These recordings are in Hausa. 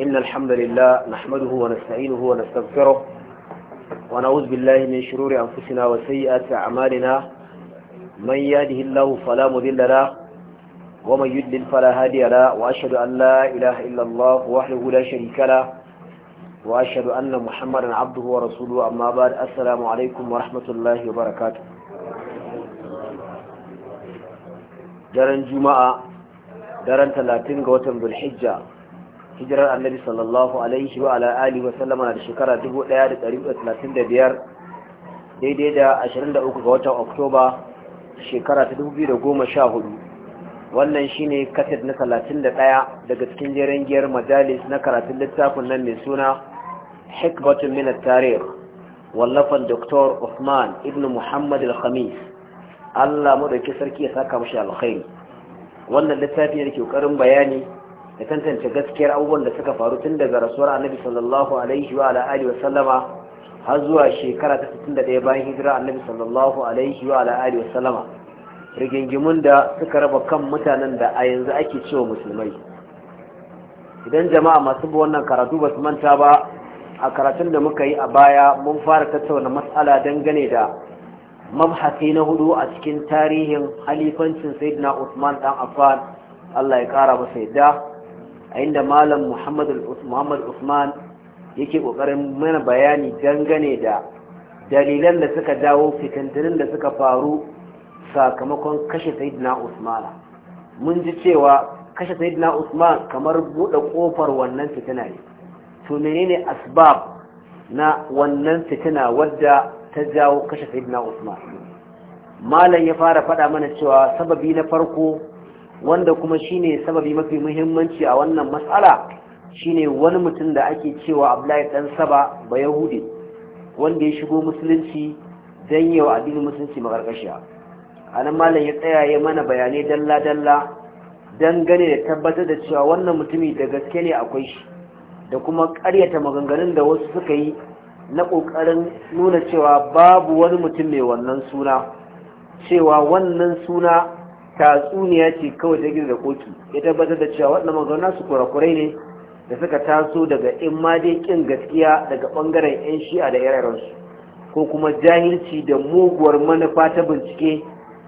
إن الحمد لله نحمده ونستعينه ونستغفره ونعوذ بالله من شرور أنفسنا وسيئات أعمالنا من يهده الله فلا مذل له ومن يدلل فلا هادي له وأشهد أن لا إله إلا الله وحده لا شريك له وأشهد أن محمدا عبده ورسوله أما بعد السلام عليكم ورحمة الله وبركاته daren juma'a daren talatin ga watan zulhijja hijirar annabi sallallahu alaihi wa ala alihi wa sallama na da shekara 1135 daidai da 23 ga watan oktoba shekara ta 2014 wannan shine kaset na 31 daga cikin jeren giyar majalis na karatun littafin nan mai suna hikbatun min tarih wallafan dr Usman ibn Muhammad al-Khamis Allah mu dauki sarki ya saka mashi alkhairi wannan littafi ne ke ƙoƙarin bayani da tantance gaskiyar abubuwan da suka faru tun daga rasuwar annabi sallallahu alaihi wa alihi wa sallama har zuwa shekara ta 61 bayan hijira annabi sallallahu alaihi wa alihi wa sallama rigingimun da suka raba kan mutanen da a yanzu ake cewa musulmai idan jama'a masu bi wannan karatu ba su manta ba a karatun da muka yi a baya mun fara tattauna mas'ala dangane da mabhasi na hudu a cikin tarihin halifancin sayyidina Usman dan Affan Allah ya kara masa yadda a inda malam muhammad usman yake kokarin mana bayani dangane da dalilan da suka dawo fitantunin da suka faru sakamakon kashe sayidina usman mun ji cewa kashe sayidina usman kamar buɗe ƙofar wannan fitina ne to menene asbab na wannan fitina wadda ta jawo kashe sayidina usman malam ya fara faɗa mana cewa sababi na farko wanda kuma shine sababi mafi muhimmanci a wannan matsala shine wani mutum da ake cewa Abdullahi dan Saba ba Yahudi wanda ya shigo musulunci dan yawa addinin musulunci makarkashiya anan malam ya tsaya ya mana bayanai dalla dalla dan gane da tabbatar da cewa wannan mutumi da gaske ne akwai shi da kuma karyata maganganun da wasu suka yi na ƙoƙarin nuna cewa babu wani mutum mai wannan suna cewa wannan suna tatsuniya ce kawai ta gina da kotu, ya tabbatar da cewa waɗannan mazauna su kurakurai ne da suka taso daga in ma dai kin gaskiya daga ɓangaren 'yan shi'a da irarensu ko kuma jahilci da muguwar manufa ta bincike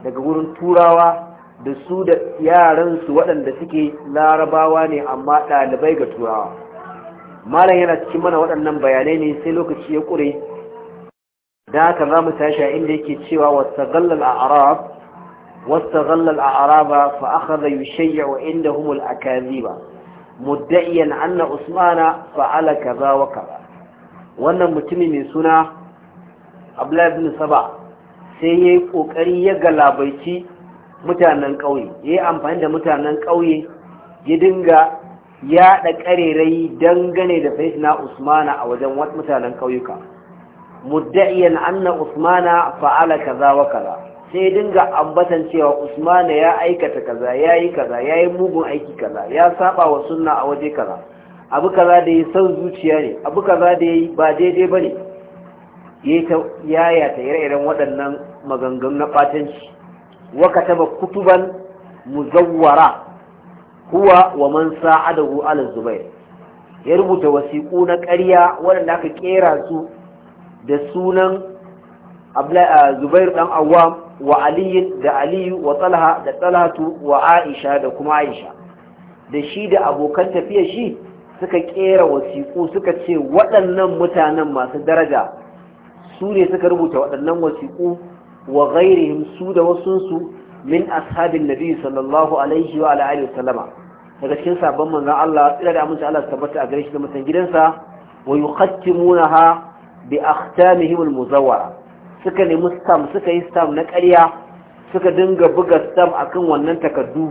daga wurin turawa da su da yaransu waɗanda suke larabawa ne amma ɗalibai ga turawa malam yana cikin mana waɗannan bayanai ne sai lokaci ya ƙure da haka za mu tashi a inda yake cewa wasu gallal a arab واستغل الأعراب فأخذ يشيع عندهم الأكاذيب مدعيا أن عثمان فعل كذا وكذا wannan mutumin mai suna abdullahi bin saba sai ya yi ƙoƙari ya galabaici mutanen ƙauye ya yi amfani da mutanen ƙauye ya dinga yaɗa ƙarerayi dangane da sai na usmana a wajen mutanen ƙauyuka mudda'iyan anna usmana fa'ala kaza wa kaza sai dinga ambatan cewa usman ya aikata kaza ya yi kaza ya yi mugun aiki kaza ya saba wa sunna a waje kaza abu kaza da ya san zuciya ne abu kaza da ya yi ba daidai ba ne ya yata ire-iren waɗannan maganganu na ɓatanci wa kataba kutuban muzawwara huwa wa man sa'adahu ala zubair ya rubuta wasiƙu na ƙarya waɗanda aka ƙera su da sunan zubair ɗan awam wa aliyu da aliyu wa talha da talhatu wa aisha da kuma aisha da shi da abokan tafiya shi suka kera wasiƙu suka ce waɗannan mutanen masu daraja su ne suka rubuta waɗannan wasiƙu wa ghairihim su da wasunsu min ashabin nabi sallallahu alaihi wa alihi daga cikin sabon manzon Allah tsira da amince Allah tabbata a gare shi da mutan gidansa wa yuqaddimunaha bi akhtamihim al-muzawwara suka nemi stam suka yi stam na karya suka dinga buga a kan wannan takardu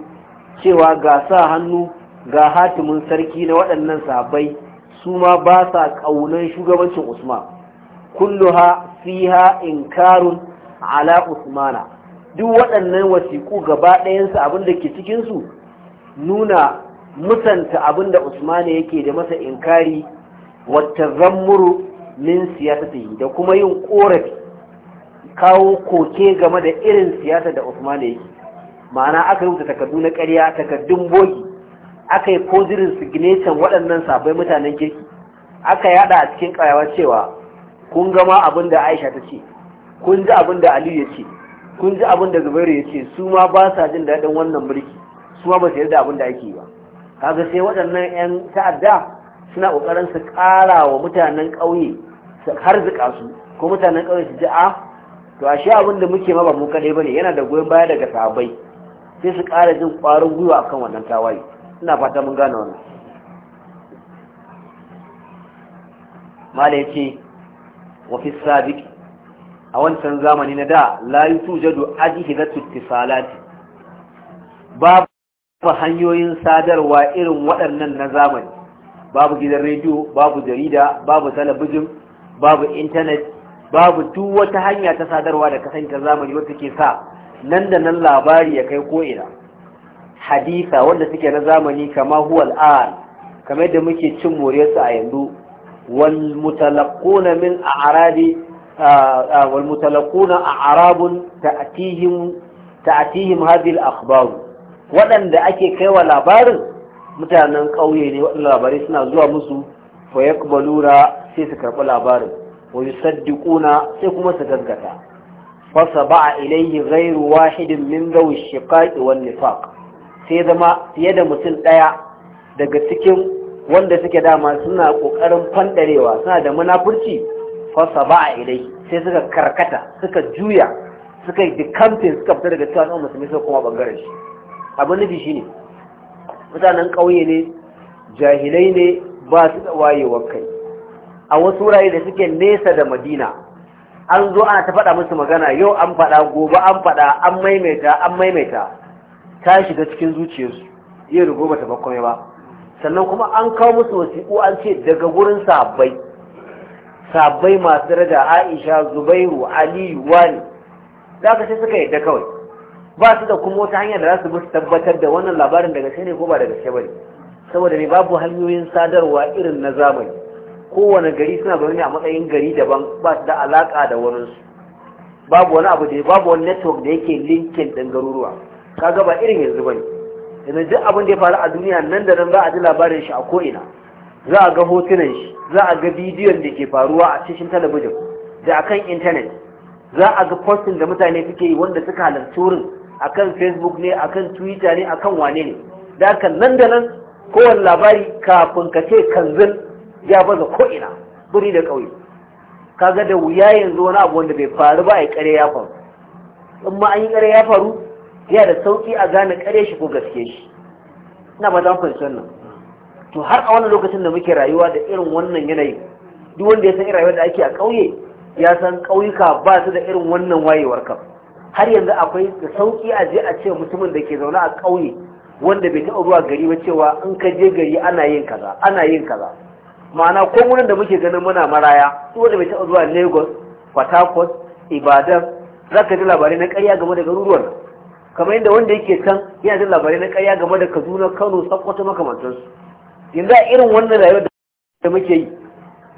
cewa ga sa hannu ga hatimin sarki na waɗannan sabai su ma ba sa ƙaunar shugabancin Usman kulluha fiha inkarun ala Usmana duk waɗannan wasiƙu gaba ɗayansu abinda ke cikinsu nuna mutanta abinda Usmana yake da masa inkari wata zammuru min siyasa da kuma yin ƙorafi kawo koke game da irin siyasa da Usman yake ma'ana aka rubuta takardu na ƙarya takardun bogi aka yi kozirin signation waɗannan sabai mutanen kirki aka yada a cikin ƙayawa cewa kun gama abin da Aisha ta ce kun ji abin da Aliyu ya ce kun ji abin da Zubairu ya ce su ma ba sa jin daɗin wannan mulki su ma ba su yarda abin da ake yi ba kaga sai waɗannan 'yan ta'adda suna ƙoƙarin su ƙara wa mutanen ƙauye su harzuka su ko mutanen ƙauye su ji a ah, to ashe abin da muke ma ba mu kadai bane yana da goyon baya daga sahabbai sai su ƙara jin ƙwarin gwiwa akan wannan tawaye ina fata mun gane wannan mala yace wa fi sabiq a wancan zamani na da la yutujadu ajhizatu ittisalati babu hanyoyin sadarwa irin waɗannan na zamani babu gidan rediyo babu jarida babu talabijin babu intanet babu duk wata hanya ta sadarwa da ta zamani wata ke sa nan da nan labari ya kai ko'ina hadisa wanda suke na zamani kama huwa al'an kamar da muke cin moresu a yanzu wal mutalaquna min a'radi wal a'rabun ta'tihim ta'tihim hadhihi al-akhbar waɗanda ake kaiwa labarin mutanen ƙauye ne waɗanda labarai suna zuwa musu fa sai su karɓi labarin wa yusaddiquna sai kuma su gaggata fa a ilayhi ghayru wahidin min dhawi shiqaqi wan nifaq sai zama fiye da mutum daya daga cikin wanda suke dama suna kokarin fandarewa suna da munafurci fa sabaa ilayhi sai suka karkata suka juya suka yi kamfin suka fita daga cikin musulmi suka kuma bangaren shi abin nufi shine mutanen ƙauye ne jahilai ne ba su da wayewar kai a wasu rayu da suke nesa da madina an zo ana ta faɗa musu magana yau an faɗa gobe an faɗa an maimaita an maimaita ta shiga cikin zuciyarsu iya rigo bata bakwai ba sannan kuma an kawo musu wasiƙu an ce daga gurin sabbai sabbai masu rada aisha zubairu aliyu wani za ka suka yadda kawai ba su da kuma wata hanyar da za su musu tabbatar da wannan labarin daga sai ne ko ba daga ba bane saboda ne babu hanyoyin sadarwa irin na zamani kowane gari suna zaune a matsayin gari daban ba su da alaka da wurinsu babu wani abu da babu wani network da yake linkin ɗin garuruwa Ka ba irin yanzu bane yanzu duk abin da ya faru a duniya nan da nan za a ji labarin shi a ko'ina za a ga hotunan shi za a ga bidiyon da ke faruwa a cikin talabijin da akan intanet za a ga postin da mutane suke yi wanda suka halarci wurin akan facebook ne akan twitter ne akan wane ne da haka nan da nan kowane labari kafin ka ce kanzil ya baza ko'ina biri da ƙauye kaga da wuya yanzu wani abu wanda bai faru ba a yi ƙare ya faru in ma an yi ya faru ya da sauƙi a gane ƙare shi ko gaske shi ina ba zan fahimci wannan to har a wannan lokacin da muke rayuwa da irin wannan yanayi duk wanda ya san irin rayuwar da ake a ƙauye ya san ƙauyuka ba su da irin wannan wayewar ka. har yanzu akwai da sauƙi a je a ce mutumin da ke zaune a ƙauye wanda bai taɓa zuwa gari ba cewa in ka je gari ana yin kaza ana yin kaza ma'ana ko wurin da muke ganin muna maraya su wanda bai taɓa zuwa lagos port ibadan za ka ji labarai na karya game da garuruwan kamar yadda wanda yake can yana jin labarai na karya game da kaduna kano sakwato makamantansu yanzu a irin wannan rayuwa da muke yi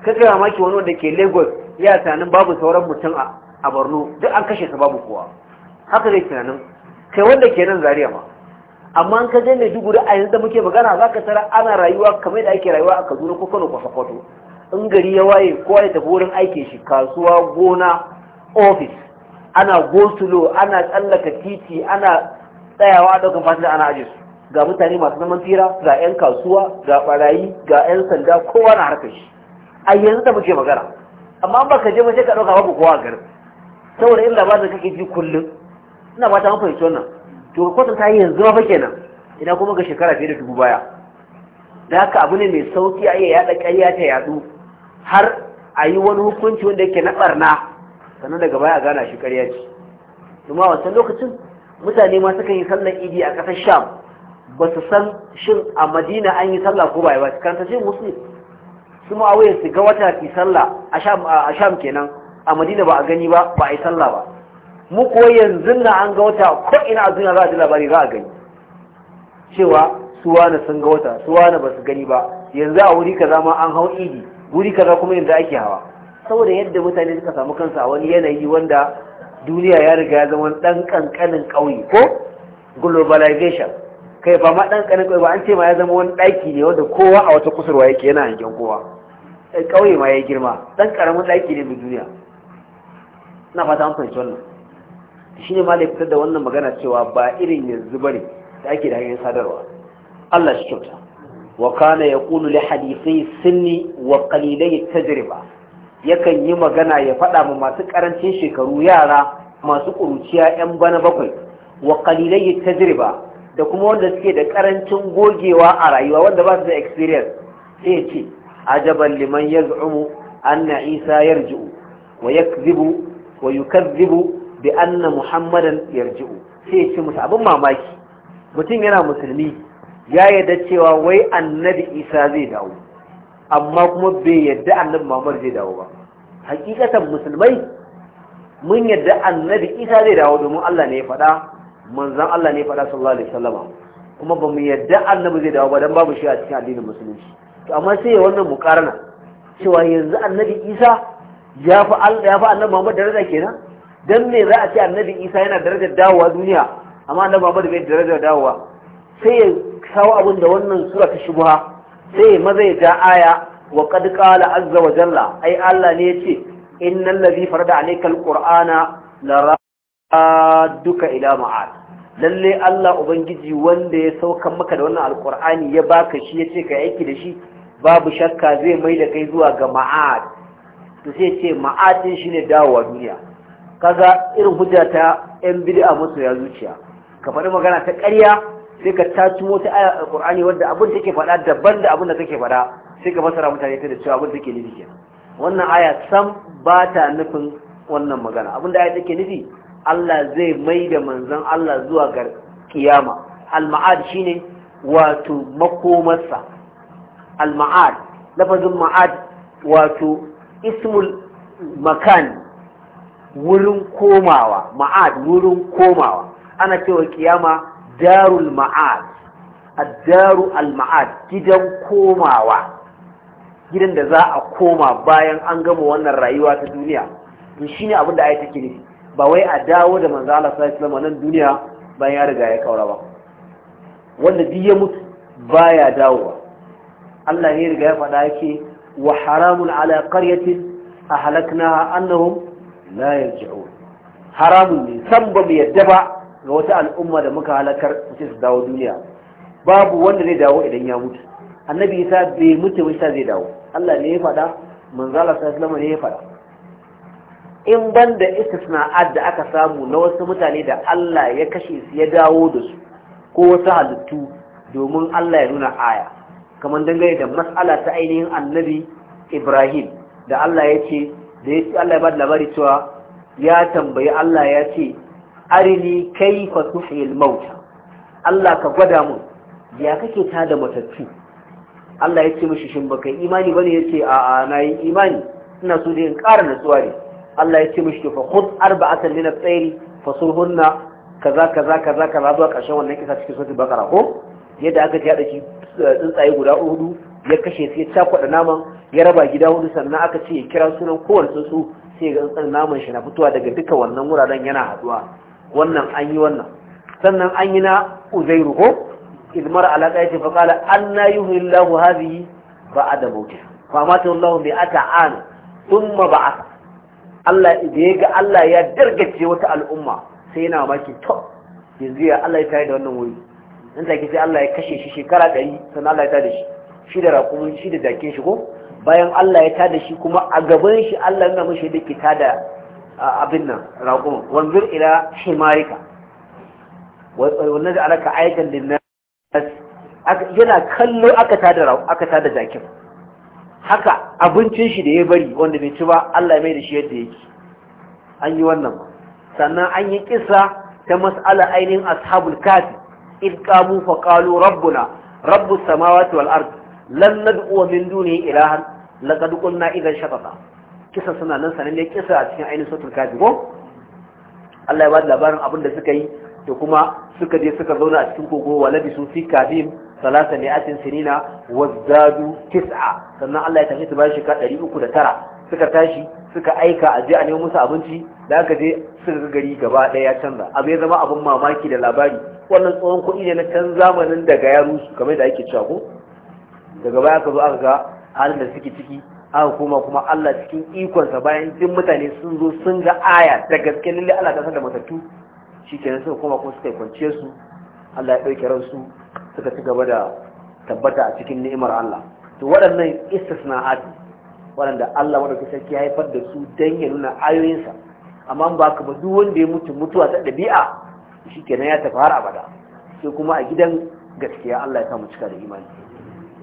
kaga mamaki wani wanda ke lagos ya tunanin babu sauran mutum a borno duk an kashe sa babu kowa haka zai tunanin kai wanda ke nan zaria ma amma ka je mai da a yanzu da muke magana za ka tara ana rayuwa kamar da ake rayuwa a kaduna ko kano kwasa kwato in gari ya waye kowa ya tafi wurin aikin shi kasuwa gona ofis ana gosulo ana tsallaka titi ana tsayawa a ɗaukan fasila ana ajiye su ga mutane masu zaman tsira ga 'yan kasuwa ga barayi ga 'yan sanda kowa na harkar shi a yanzu da muke magana amma ba ka je ba sai ka ɗauka babu kowa a garin saboda in labarin da kake ji kullum ina ba ta mafi wannan to kwatan ta yi yanzu ma fa kenan ina kuma ga shekara fiye da dubu baya da haka abu ne mai sauki a iya yada karya ta yadu har a yi wani hukunci wanda yake na barna sannan daga baya gana shi karya ce kuma wancan lokacin mutane ma sukan yi sallar idi a kasar sham ba su san shin a madina an yi sallah ko baya ba su kanta shi musu? su ma'awai su ga wata fi sallah a sham kenan a madina ba a gani ba ba a yi sallah ba mu ko yanzu na an ga wata ko ina a duniya za a ji labari za a gani cewa suwa na sun ga wata suwa na ba su gani ba yanzu a wuri kaza ma an hau idi wuri kaza kuma yanzu ake hawa saboda yadda mutane suka samu kansu a wani yanayi wanda duniya ya riga ya zama dan kankanin ƙauye ko globalization kai ba ma dan kankanin kauye ba an ce ma ya zama wani daki ne wanda kowa a wata kusurwa yake yana hangen kowa eh, ƙauye ma ya girma dan karamin daki ne da duniya na fata an fahimci wannan shi ne malai fitar da wannan magana cewa ba irin yanzu bane da ake da hanyar sadarwa Allah shi kyauta wa kana kulu li hadisai sinni wa qalilai tajriba yakan yi magana ya faɗa mu masu karancin shekaru yara masu ƙuruciya 'yan bana bakwai wa qalilai tajriba da kuma wanda suke da karancin gogewa a rayuwa wanda ba su da experience sai ce ajaban liman yaz'umu anna isa yarji'u wa yakzibu wa yukazzibu bi anna muhammadan yarji'u sai ya ce musu abin mamaki mutum yana musulmi ya yarda cewa wai annabi isa zai dawo amma kuma bai yarda annabi muhammad zai dawo ba hakikatan musulmai mun yarda annabi isa zai dawo domin allah ne ya faɗa manzan allah ne ya faɗa sallallahu alaihi wasallama kuma ba mu yarda annabi zai dawo ba dan babu shi a cikin addinin musulunci to amma sai ya wannan mukarana cewa yanzu annabi isa ya fi annabi muhammad daraja kenan dan me za a ce annabi isa yana darajar dawowa duniya amma annabi da bai darajar dawowa sai ya kawo abin da wannan sura ta shubuha sai ya maza ya ja aya wa qad qala azza wa jalla ai Allah ne yace innal ladhi farada alayka alqur'ana la duka ila ma'ad lalle Allah ubangiji wanda ya saukan maka da wannan alqur'ani ya baka shi yace ka aiki da shi babu shakka zai mai da kai zuwa ga ma'ad to sai ce ma'adin shine dawowa duniya kaza irin hujja ta yan bid'a musu ya zuciya ka faɗi magana ta ƙarya sai ka taci mota aya alqur'ani wanda abin take faɗa daban da abin da take faɗa sai ka fasara mutane ta da cewa abin take nufi kenan wannan aya sam ba ta nufin wannan magana abin da aya take nufi Allah zai mai da manzon Allah zuwa ga kiyama al-ma'ad shine wato makomarsa al-ma'ad lafazin ma'ad wato ismul makan wurin komawa ma'ad wurin komawa ana cewa kiyama darul ma'ad addaru al ma'ad gidan komawa gidan da za a koma bayan an gama wannan rayuwa ta duniya to shine abin da ayi take nufi ba wai a dawo da manzo Allah sallallahu alaihi nan duniya bayan ya riga ya kaura ba wanda duk ya mutu baya dawowa Allah ne riga ya faɗa yake wa haramun ala qaryatin ahlaknaha annahum la yarji'u haramun ne san ba mu yadda ba ga wata al'umma da muka halakar su su dawo duniya babu wanda zai dawo idan ya mutu annabi isa bai mutu isa zai dawo Allah ne ya faɗa manzala sallallahu alaihi ne ya faɗa in banda istisna'at da aka samu na wasu mutane da Allah ya kashe su ya dawo da su ko wasu halittu domin Allah ya nuna aya kamar dangane da mas'ala ta ainihin annabi Ibrahim da Allah ya ce da ya ce Allah ya ba da labari cewa ya tambayi Allah ya ce arini fa tuhil mauta Allah ka gwada mu ya kake ta da matattu Allah ya ce mishi shin baka imani bane ya ce a'a na yi imani ina so dai in ƙara natsuwa ne Allah ya ce mishi fa khud arba'atan min at-tayri fasulhunna kaza kaza kaza kaza zuwa ƙarshen wannan kisa cikin sura bakara ko yadda aka ji a daki eh, tsuntsaye guda hudu ya kashe sai ta kwada naman ya raba gida hudu sannan aka ce ya kira sunan kowane su sai ga tsan naman shi na fitowa daga duka wannan wuraren yana haduwa wannan an yi wannan sannan an yi na uzairu ko izmar alaka yace fa qala anna yuhillahu hadhihi ba'da mawtih fa mata Allahu bi ata'an thumma ba'atha Allah da ya ga Allah ya dargace wata al'umma sai yana maki to yanzu ya Allah ya tare da wannan wuri in take sai Allah ya kashe shi shekara 100 sannan Allah ya tare da shi shi da raƙumin shi da jakin shi ko bayan Allah ya tada shi kuma a gaban shi Allah yana mashi da ke da abin nan raƙumin wanzur ila himarika wannan da alaka ayatan linnas yana kallo aka tada aka tada jakin haka abincin shi da ya bari wanda bai ci ba Allah ya mai da shi yadda yake an yi wannan sannan an yi kisa ta mas'ala ainihin ashabul kafi idqamu faqalu rabbuna rabbus samawati wal ardi lan nad'u min duni ilahan laqad qulna idan shatata kisa suna nan sanan ne kisa a cikin ainihin suratul kafi ko Allah ya ba labarin abin da suka yi da kuma suka je suka zauna a cikin kogo wa labisu fi kafin salasa mi'atin sinina wazadu tis'a sannan Allah ya tafi su bashi ka 309 suka tashi suka aika a je a nemo musu abinci da aka je suka ga gari gaba ɗaya ya canza abu ya zama abin mamaki da labari wannan tsohon kuɗi ne na can zamanin daga ya rusu kamar da ake cewa ko daga baya ka zo aka ga halin da suke ciki aka koma kuma Allah cikin ikonsa bayan duk mutane sun zo sun ga aya da gaske lalle Allah ta da matattu kenan suka koma kuma suka kwance su Allah ya dauke ransu suka ci gaba da tabbata a cikin ni'imar Allah to waɗannan istisna'at waɗanda Allah madaukakin sarki ya haifar da su dan ya nuna ayoyinsa amma ba ka ba duk wanda ya mutu mutuwa ta ɗabi'a kenan ya tafi har abada sai kuma a gidan gaskiya Allah ya samu cika da imani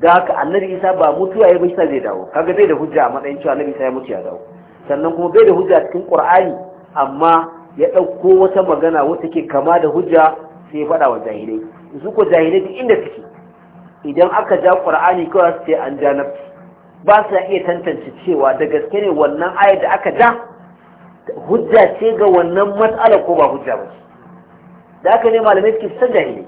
da haka annabi isa ba mutuwa ya bai sa zai dawo kaga bai da hujja a matsayin cewa annabi isa ya mutu ya dawo sannan kuma bai da hujja cikin qur'ani amma ya dauko wata magana wata ke kama da hujja sai ya faɗa wa jahilai su ko jahilai duk inda suke idan aka ja qur'ani kawai su ce an ja ba su iya tantance cewa da gaske ne wannan ayar da aka ja hujja ce ga wannan matsala ko ba hujja ba da aka ne malamai suke san jahilai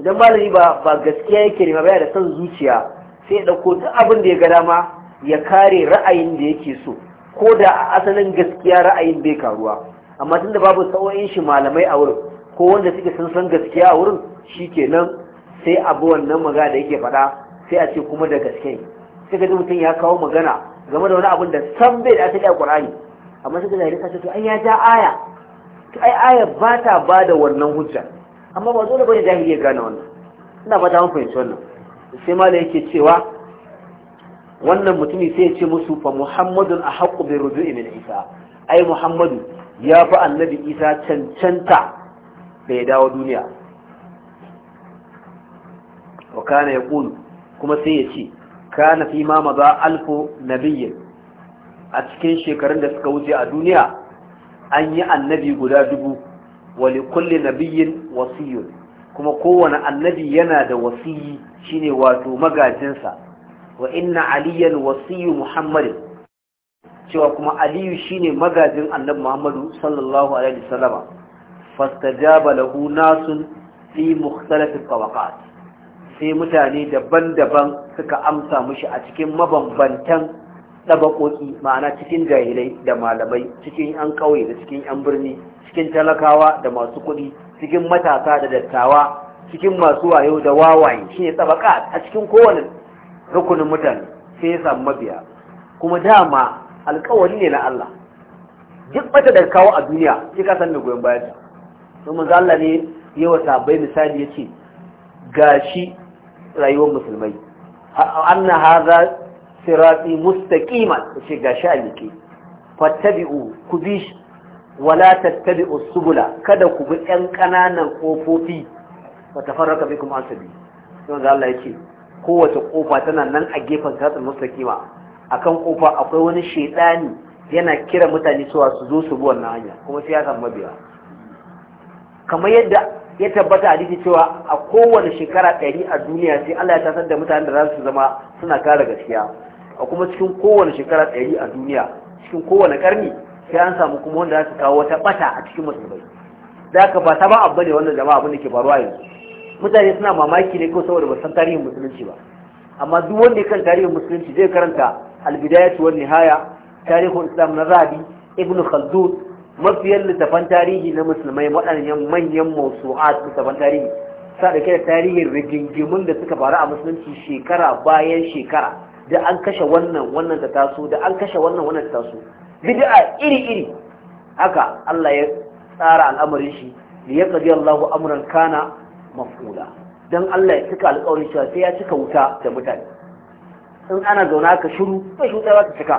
idan malami ba ba gaskiya yake ne ba da son zuciya sai ya ɗauko duk abin da ya ga dama ya kare ra'ayin da yake so ko da a asalin gaskiya ra'ayin bai karuwa amma tunda babu sa'o'in shi malamai a wurin ko wanda suke san san gaskiya a wurin shikenan sai abu wannan maga da yake faɗa sai a ce kuma da gaske sai ka ji ya kawo magana game da wani abin da san bai da asali a Qur'ani amma sai ka zai ka ce to ai ya ja aya to ai aya ba ta ba da wannan hujja amma ba dole bane jahili iya gane wannan ina fata mun fahimci wannan sai malai yake cewa wannan mutumi sai ya ce musu fa muhammadun ahqqu bi ruju'i min isa ai muhammadu ya fi annabi isa cancanta da ya dawo duniya wa kana ya kuma sai ya ce kana fi ma maza alfu nabiyyin a cikin shekarun da suka wuce a duniya an yi annabi guda dubu walikulli li kulli nabiyyin wasiyyun kuma kowane annabi yana da wasiyi shine wato magajinsa wa inna aliyan wasiyyu muhammadin cewa kuma aliyu shine magajin annabi muhammadu sallallahu alaihi wasallama fastajaba lahu nasun fi mukhtalafi tawaqat sai mutane daban-daban suka amsa mushi a cikin mabambantan ɗabaƙoƙi ma'ana cikin jahilai da malamai cikin 'yan kauye da cikin 'yan birni cikin talakawa da masu kuɗi cikin matasa da dattawa cikin masu wayo da wawaye shi ne a cikin kowane rukunin mutane sai ya samu mabiya kuma dama alkawari ne na Allah duk bata da kawo a duniya sai ka san me goyon bayan ta to manzo Allah ne yawa sabai misali yace gashi rayuwar musulmai anna hadha sirati mustaqima shi ga a yake fattabi'u ku bi shi wala tattabi'u subula kada ku bi ɗan ƙananan ƙofofi wa tafarraka bikum an don da Allah ce, kowace kofa tana nan a gefen sirati mustaqima akan kofa akwai wani shedani yana kira mutane cewa su zo su bi wannan hanya kuma sai ya samu mabiya kamar yadda ya tabbata hadisi cewa a kowane shekara ɗari a duniya sai Allah ya tasar da mutanen da za su zama suna kare gaskiya a kuma cikin kowane shekara ɗari a duniya cikin kowane ƙarni sai an samu kuma wanda za su kawo wata ɓata a cikin musulmai da ka ba ta ba abu ne wannan jama'a abin da ke faruwa yanzu mutane suna mamaki ne ko saboda basu san tarihin musulunci ba amma duk wanda ya kan tarihin musulunci zai karanta albidayatu wan nihaya tarihul islam na rabi ibnu khaldun mafiyan littafan tarihi na musulmai waɗannan manyan mausu'at littafan tarihi sa da tarihin rigingimun da suka faru a musulunci shekara bayan shekara da an kashe wannan wannan ta taso da an kashe wannan wannan ta taso bid'a iri iri haka Allah ya tsara al'amarin shi li yaqdi Allahu amran kana mafula dan Allah ya cika alƙawarin cewa sai ya cika wuta da mutane in ana zauna ka shiru shi wuta ba ta cika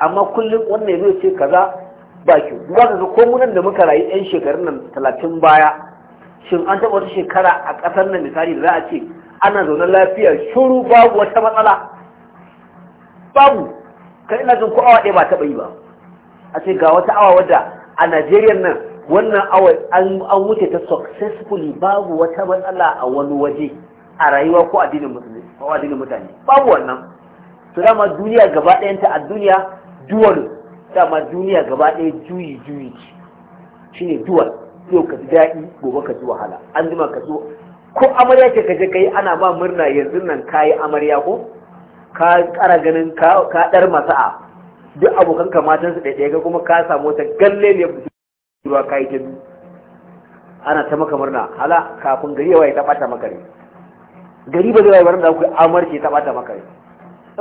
amma kullum wannan ya ce kaza ba ki ba ka ga ko munan da muka rayu yan shekarun nan talatin baya shin an taɓa wata shekara a ƙasar nan misali da za a ce ana zaune lafiya shuru babu wata matsala babu kan ina jin ku awa ɗaya ba taɓa yi ba a ce ga wata awa wadda a najeriya nan wannan awa an wuce ta successfully babu wata matsala a wani waje a rayuwa ko addinin musulmi ko addinin mutane babu wannan to dama duniya gaba ɗayan ta a duniya duwal dama duniya gaba ɗaya juyi juyi shine duwal yau ka ji daɗi gobe ka ji wahala an jima ka zo ko amarya ce ka je ka yi ana ma murna yanzu nan ka yi amarya ko ka kara ganin ka ɗar masa'a duk abokan ka matansu ɗaiɗaya ga kuma ka samu wata galle ne ruwa ka yi ta ana ta maka murna hala kafin gari yawa ya ta maka ne gari ba zai wayi da ku amarci ta ɓata maka ne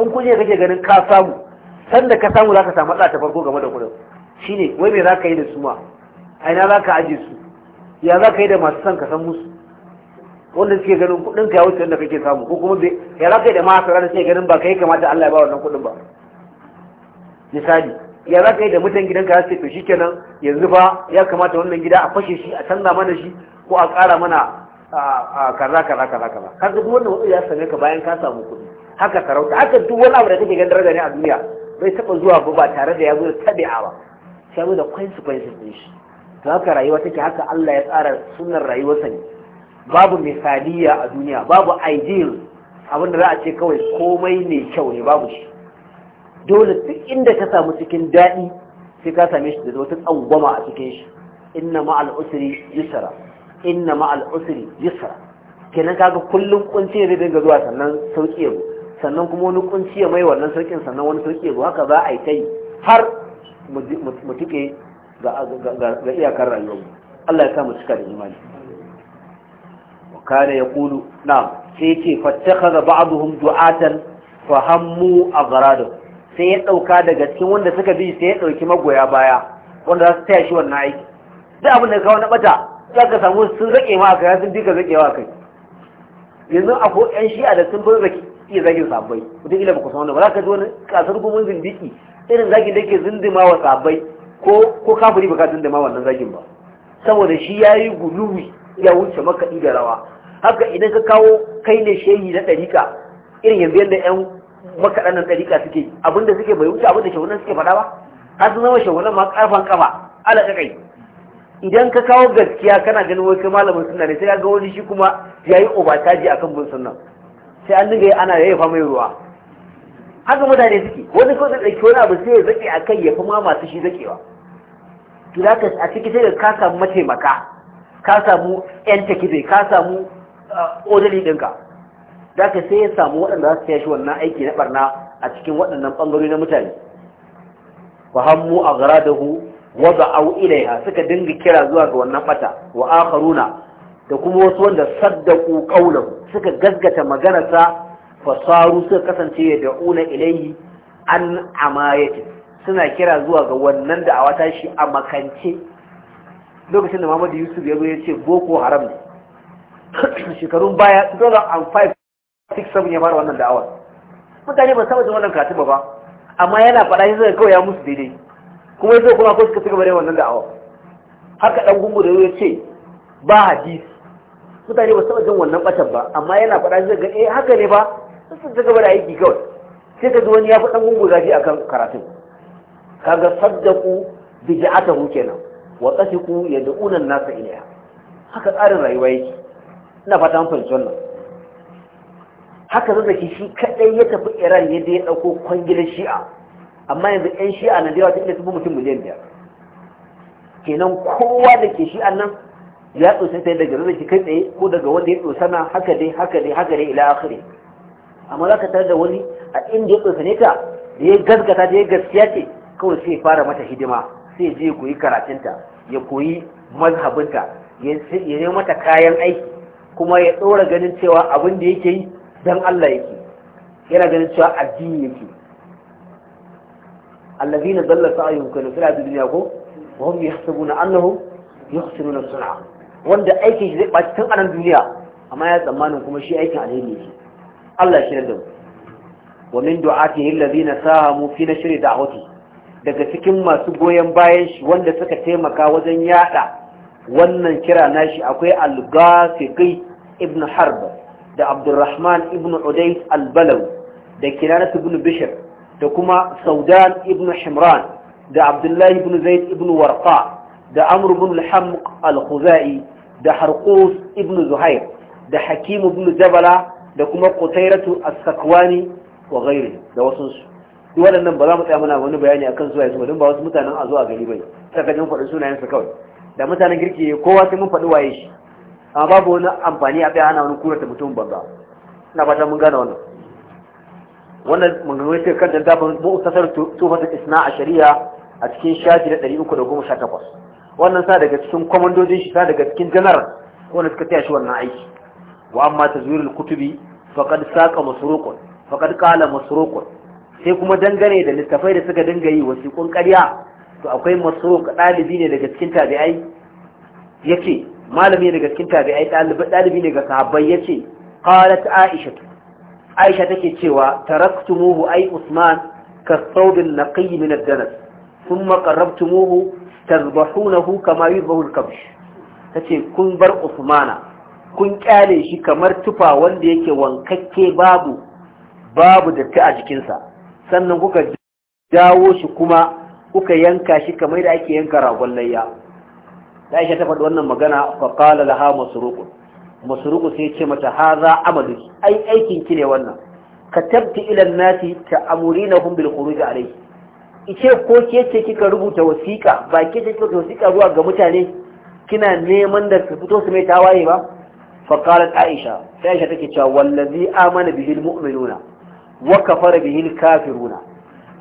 in kuje kake ganin ka samu sanda ka samu za ka samu matsala ta farko game da kudin shine wai me za ka yi da su ma aina za ka aje su ya za ka yi da masu son ka san musu wanda suke ganin kudin ka wuce wanda kake samu ko kuma bai ya kai da ma sarar suke ganin ba kai kamata Allah ya ba wannan kudin ba misali ya kai da mutan gidanka ya ce to shikenan yanzu fa ya kamata wannan gida a fashe shi a canza mana shi ko a ƙara mana kaza kaza kaza kaza kaga duk wannan wani ya same ka bayan ka samu kudi haka sarauta haka duk wani abu da kake ganin daraja ne a duniya bai taba zuwa ba ba tare da ya zo tabi'a ba sai da consequences din shi to haka rayuwa take haka Allah ya tsara sunan rayuwarsa ne babu misaliya a duniya babu ideal abinda za a ce kawai komai ne kyau ne babu shi dole duk inda ka samu cikin daɗi sai ka same shi da wata tsangwama a cikin shi inna ma'al usri yusra inna ma'al usri yusra kenan kaga kullum kunci zai dinga zuwa sannan sauki yabo sannan kuma wani kunci ya mai wannan saukin sannan wani sauki yabo haka za a yi tai har mu ga iyakar rayuwar Allah ya sa mu cika da imani kana ya kulu na sai ce fattaka ga ba'aduhum du'atan fahammu a garado sai ya ɗauka daga cikin wanda suka bi sai ya ɗauki magoya baya wanda za su taya shi wannan aiki duk abin da kawo na ɓata za ka samu sun zaƙe ma kai sun duka zaƙe wa kai yanzu a ko ƴan shi'a da sun bar zaki iya zagin sabbai mutum ila ku san wannan ba za ka ji wani kasar gumin zindiki irin zagin da ke zindima wa sabbai ko ko kafiri baka zindima wannan zagin ba saboda shi ya yi guluwi ya wuce makaɗi da rawa haka idan ka kawo kai ne shehi na ɗarika irin yanzu yadda yan makaɗanan ɗarika suke abinda suke bai wuce abinda shagunan suke faɗa ba har sun zama shagunan ma ƙarfan ƙafa Ala kai idan ka kawo gaskiya kana ganin wai kai malamin sunna ne sai ka ga wani shi kuma ya yi obataji kan bin sunna sai an dinga ana yayyafa mai ruwa haka mutane suke wani kawai da ɗauki wani abu sai ya zaƙe a kai ya fi ma masu shi zaƙewa to a ciki sai ka samu mataimaka ka samu yan takibe ka samu odali ɗinka da ka sai ya samu waɗanda za su yashi wannan aiki na ɓarna a cikin waɗannan ɓangarori na mutane hannu a gara da hu wadda au ilaiha suka dinga kira zuwa ga wannan ɓata wa akharuna da kuma wasu wanda saddaku ƙaunar suka gasgata maganarsa fasaru suka kasance da una ilaihi an amayati suna kira zuwa ga wannan a wata shi a makance lokacin da Muhammadu Yusuf ya zo ya ce boko haram ne shekarun baya six seven ya fara wannan da'awar mutane ba saboda wannan katuma ba amma yana faɗa yin zai kawai ya musu daidai kuma ya kuma ko suka cigaba da wannan da'awar haka ɗan gungu da ya ce ba hadisi mutane ba saboda wannan ɓatan ba amma yana faɗa zai ga eh haka ne ba sun cigaba da aiki kawai sai ka ji wani ya fi ɗan gungu zafi a kan karatun kaga saddaku bija'atahu kenan wa tasiku yad'una an-nasa ilayha haka tsarin rayuwa yake ina fata mun fahimci wannan haka zazzaki shi kadai ya tafi iran ya ya dauko kwangilar shi'a amma yanzu yan shi'a na da wata tunda tafi mutum miliyan biyar kenan kowa da ke shi'a nan ya tsosai ta daga zazzaki kai tsaye ko daga wanda ya tsosa na haka dai haka dai haka dai ila akhiri amma za ka tarar da wani a inda ya tsosa ta da ya gaskata da ya gaskiya ce kawai sai fara mata hidima sai je koyi karatunta ya koyi mazhabinta ya nemo mata kayan aiki kuma ya ɗora ganin cewa abin da yake yi don Allah yake yana ganin cewa addini yake allazi na zalla sa'ayun kanu fil ardi dunya ko wa hum yahsabuna annahum yuhsinuna sun'a wanda aikin shi zai baci tun anan duniya amma ya tsammanin kuma shi aikin alheri yake Allah shi da mu wa min du'atihi allazina sahamu fi nashri da'wati daga cikin masu goyon bayan shi wanda suka taimaka wajen yada wannan kira nashi akwai al-ghafiqi ibn harb da abdulrahman ibn udayd al da kinanat ibn bishr da kuma saudan ibn himran da abdullahi ibn zaid ibn warqa da amr ibn da harqus ibn zuhair da hakim ibn jabala da kuma qutairatu as-sakwani wa ghairi da wasu duk waɗannan ba za mu tsaya a wani bayani akan su yanzu don ba wasu mutanen a zuwa gari bane saka jin faɗin sunayen kawai da mutanen girki kowa sai mun faɗi waye shi a babu wani amfani a hana wani ta mutum banza ina fata mun gane wannan wannan maganganun ta kan dantafin tufa ta isna a shari'a a cikin shafi na 318 wannan sa daga cikin kwamandojin shi sa daga cikin janar wanda suka taya shi wannan aiki wa amma ta tazwirul kutubi faqad saƙa masurukun faqad ƙala masurukun sai kuma dangane da littafai da suka dinga yi wasiqun ƙarya to akwai masurukun dalibi ne daga cikin tabi'ai yake malami daga cikin tabi'ai ɗalibi ne ga sahabbai yace qalat aisha aisha take cewa taraktumuhu ay usman ka thawbin naqiy min ad-danas thumma qarrabtumuhu tazbahunahu kama yuzbahu al-kabsh tace kun bar usmana kun kyale shi kamar tufa wanda yake wankakke babu babu datti a jikinsa sannan kuka dawo shi kuma kuka yanka shi kamar da ake yanka ragon layya da aisha ta faɗi wannan magana fa qala laha masruq masruq sai ya ce mata haza amalu ai aikin ki ne wannan Ka tabti ilan nasi ta ta'murinahum bil khuruj alayhi ice ko ke ce kika rubuta wasiƙa ba ke ce kika wasiƙa zuwa ga mutane kina neman da su fito su mai tawaye ba fa aisha sai aisha take cewa wallazi amana bihi al-mu'minuna wa kafara bihi al-kafiruna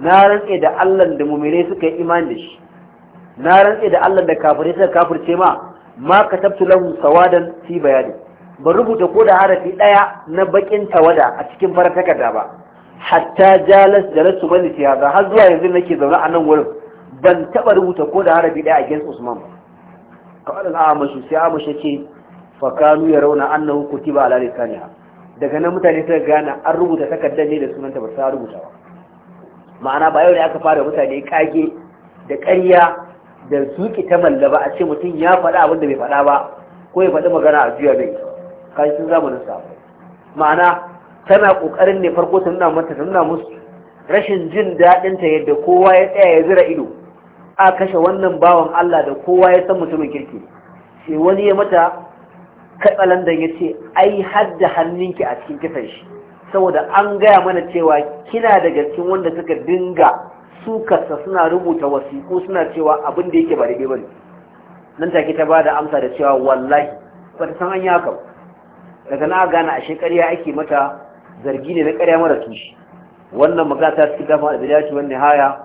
na rantse da Allah da mu'mine suka yi imani da shi na rantse da Allah da kafirai suka kafirce ma ma katabtu lahu sawadan fi bayani ba rubuta ko da harafi daya na bakin tawada a cikin farar takarda ba hatta jalas su bani fi hada har zuwa yanzu nake zaune a nan wurin ban taba rubuta ko da harafi daya a against Usman ba kawai da amashu sai amashu ce fa kanu rauna annahu kutiba ala lisaniha daga nan mutane suka gane an rubuta takardar ne da sunanta ba sa rubuta ba ma'ana ba yau ne aka fara mutane kage da ƙarya da suke ta malla ba a ce mutum ya faɗa abin da bai faɗa ba ko ya faɗi magana a juya bai kashi sun zamanin sa ma'ana tana ƙoƙarin ne farko ta nuna mata ta nuna musu rashin jin daɗin ta yadda kowa ya tsaya ya zira ido a kashe wannan bawan Allah da kowa ya san mutumin kirki sai wani ya mata dan ya ce ai hadda hannunki a cikin kisan shi saboda an gaya mana cewa kina daga cikin wanda suka dinga sukarsa suna rubuta wasiƙu suna cewa abin da yake ba daidai bane nan take ta bada amsa da cewa wallahi ba ta san an yi daga na gane a shekariya ake mata zargi ne na ƙarya mara tushe wannan magana ta cikin dafa da bidaci wani haya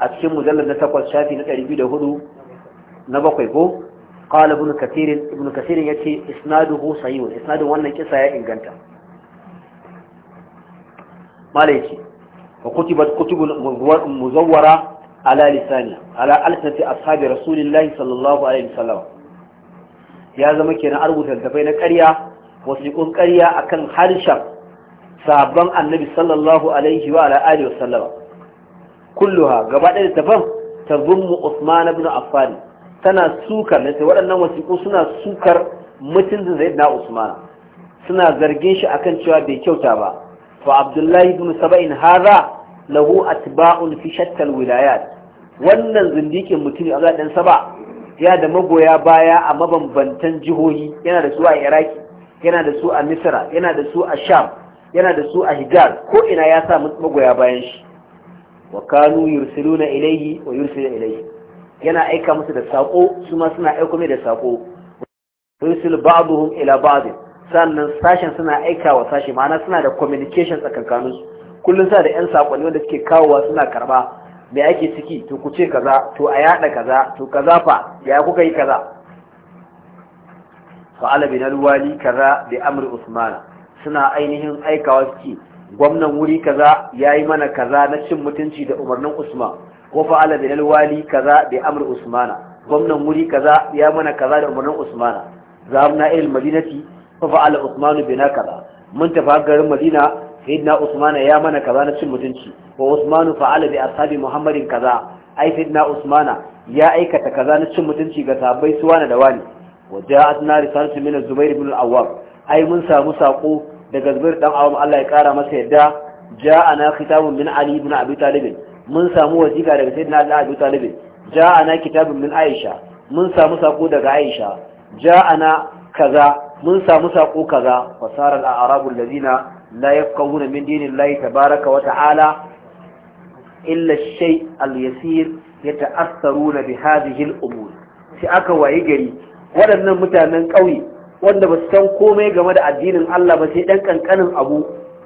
a cikin mujallar na takwas shafi na ɗari biyu da hudu na bakwai ko qala ibn kathir ibn kathir yace isnaduhu sahih isnadu wannan kisa ya inganta malai وكتبت كتب مزورة على لساني على ألسنة أصحاب رسول الله صلى الله عليه وسلم ya zama kenan an rubuta littafai na ƙarya wasiƙun ƙarya akan harshen sabon annabi sallallahu alaihi wa alihi wa sallama kulluha gaba ɗaya littafan tarbummu Usman ibn Affan tana sukar ne waɗannan wasiƙu suna sukar mutuncin Zaid na Usman suna zargin shi akan cewa bai kyauta ba fa abdullahi ibn saba'in hara lahu atba'un fi shattal wilayat wannan zindikin mutum a dan saba ya da magoya baya a mabambantan jihohi yana da su a iraki yana da su a misra yana da su a sham yana da su a hijaz ko ina ya sa magoya bayan shi wa kanu yursiluna ilayhi wa yursilu ilayhi yana aika musu da sako su ma suna aika mai da sako yursil ba'dhum ila ba'd sannan sashen suna aika wa sashi ma'ana suna da communication tsakankanin su kullum sa da yan sakonni wanda suke kawowa suna karba me ake ciki to ku ce kaza to a yada kaza to kaza fa ya kuka yi kaza alabi na ruwali kaza da amri usmana suna ainihin aikawa suke gwamnan wuri kaza ya yi mana kaza na cin mutunci da umarnin usman ko alabi na ruwali kaza da amri usmana gwamnan wuri kaza ya mana kaza da umarnin usmana zamna ilal madinati fa fa'ala usman bina kaza mun tafi garin madina sayyidina usman ya mana kaza na cin mutunci wa usman fa'ala bi ashabi muhammadin kaza ai sayyidina usman ya aikata kaza na cin mutunci ga sahabbai suwana da wani wa ja'atna risalatu min az-zubair ibn al-awwab mun samu sako daga zubair dan awam Allah ya kara masa yadda ja'ana kitabun min ali ibn abi talib mun samu wasiqa daga sayyidina ali kitabun aisha mun samu sako daga aisha ja'ana kaza mun samu sako kaza fasarar al-arabu zina la yafqahuna min dinillahi tabaaraka wata ala, illa shai, al-yasir yata'assaruna bi hadhihi umur sai aka wayi gari waɗannan mutanen ƙauye wanda ba su san komai game da addinin Allah ba sai dan ƙanƙanin abu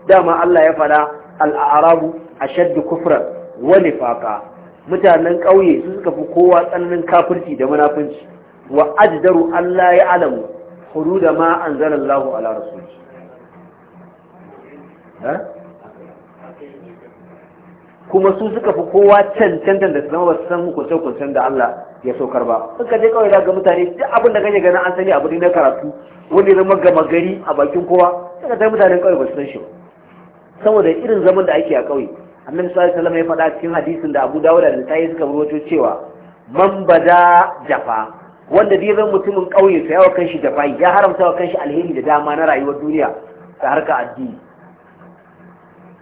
dama Allah ya fada al-arabu ashaddu kufran wani faƙa. mutanen ƙauye su suka fi kowa tsananin kafirci da munafunci wa ajdaru Allah ya alamu da ma an Allah ala rasulihi kuma su suka fi kowa cancantar da zama ba su san hukuncen hukuncen da Allah ya saukar ba in ka je kawai daga mutane duk abin da kake ganin an sani abu ne na karatu wanda ya zama gama gari a bakin kowa suka ka mutanen kawai ba su san shi ba saboda irin zaman da ake a kauye annabi sallallahu alaihi wasallam ya faɗa cikin hadisin da Abu Dawud da Nasa'i suka rubuto cewa man bada jafa wanda zai zan mutumin ƙauye ka yawa shi da bayi ya haramta wa kanshi alheri da dama na rayuwar duniya da harka addini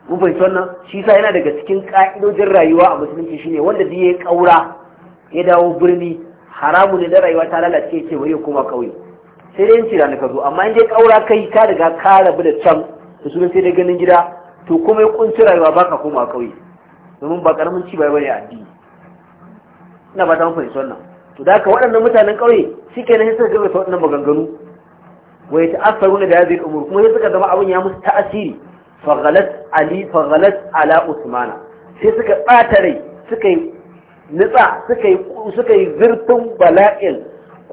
mun fahimci wannan shi sa yana daga cikin ƙa'idojin rayuwa a musulunci shine wanda zai ya ƙaura ya dawo birni haramu ne na rayuwa ta lalace ce ya kuma ƙauye sai dai yanci ranar ka amma in dai ƙaura kai ka daga ka rabu da can da sunan sai dai ganin gida to kuma ya kunci rayuwa baka koma ƙauye domin ba ƙaramin ci bai bane addini ina ba ta mun fahimci wannan to da ka waɗannan mutanen ƙauye shi ke na hisar gaba waɗannan maganganu wai ta wani da zai zai umur kuma sai suka zama abin ya musu ta'asiri faghalat ali faghalat ala usmana sai suka ɓata rai suka yi nitsa suka yi suka yi zurfin bala'il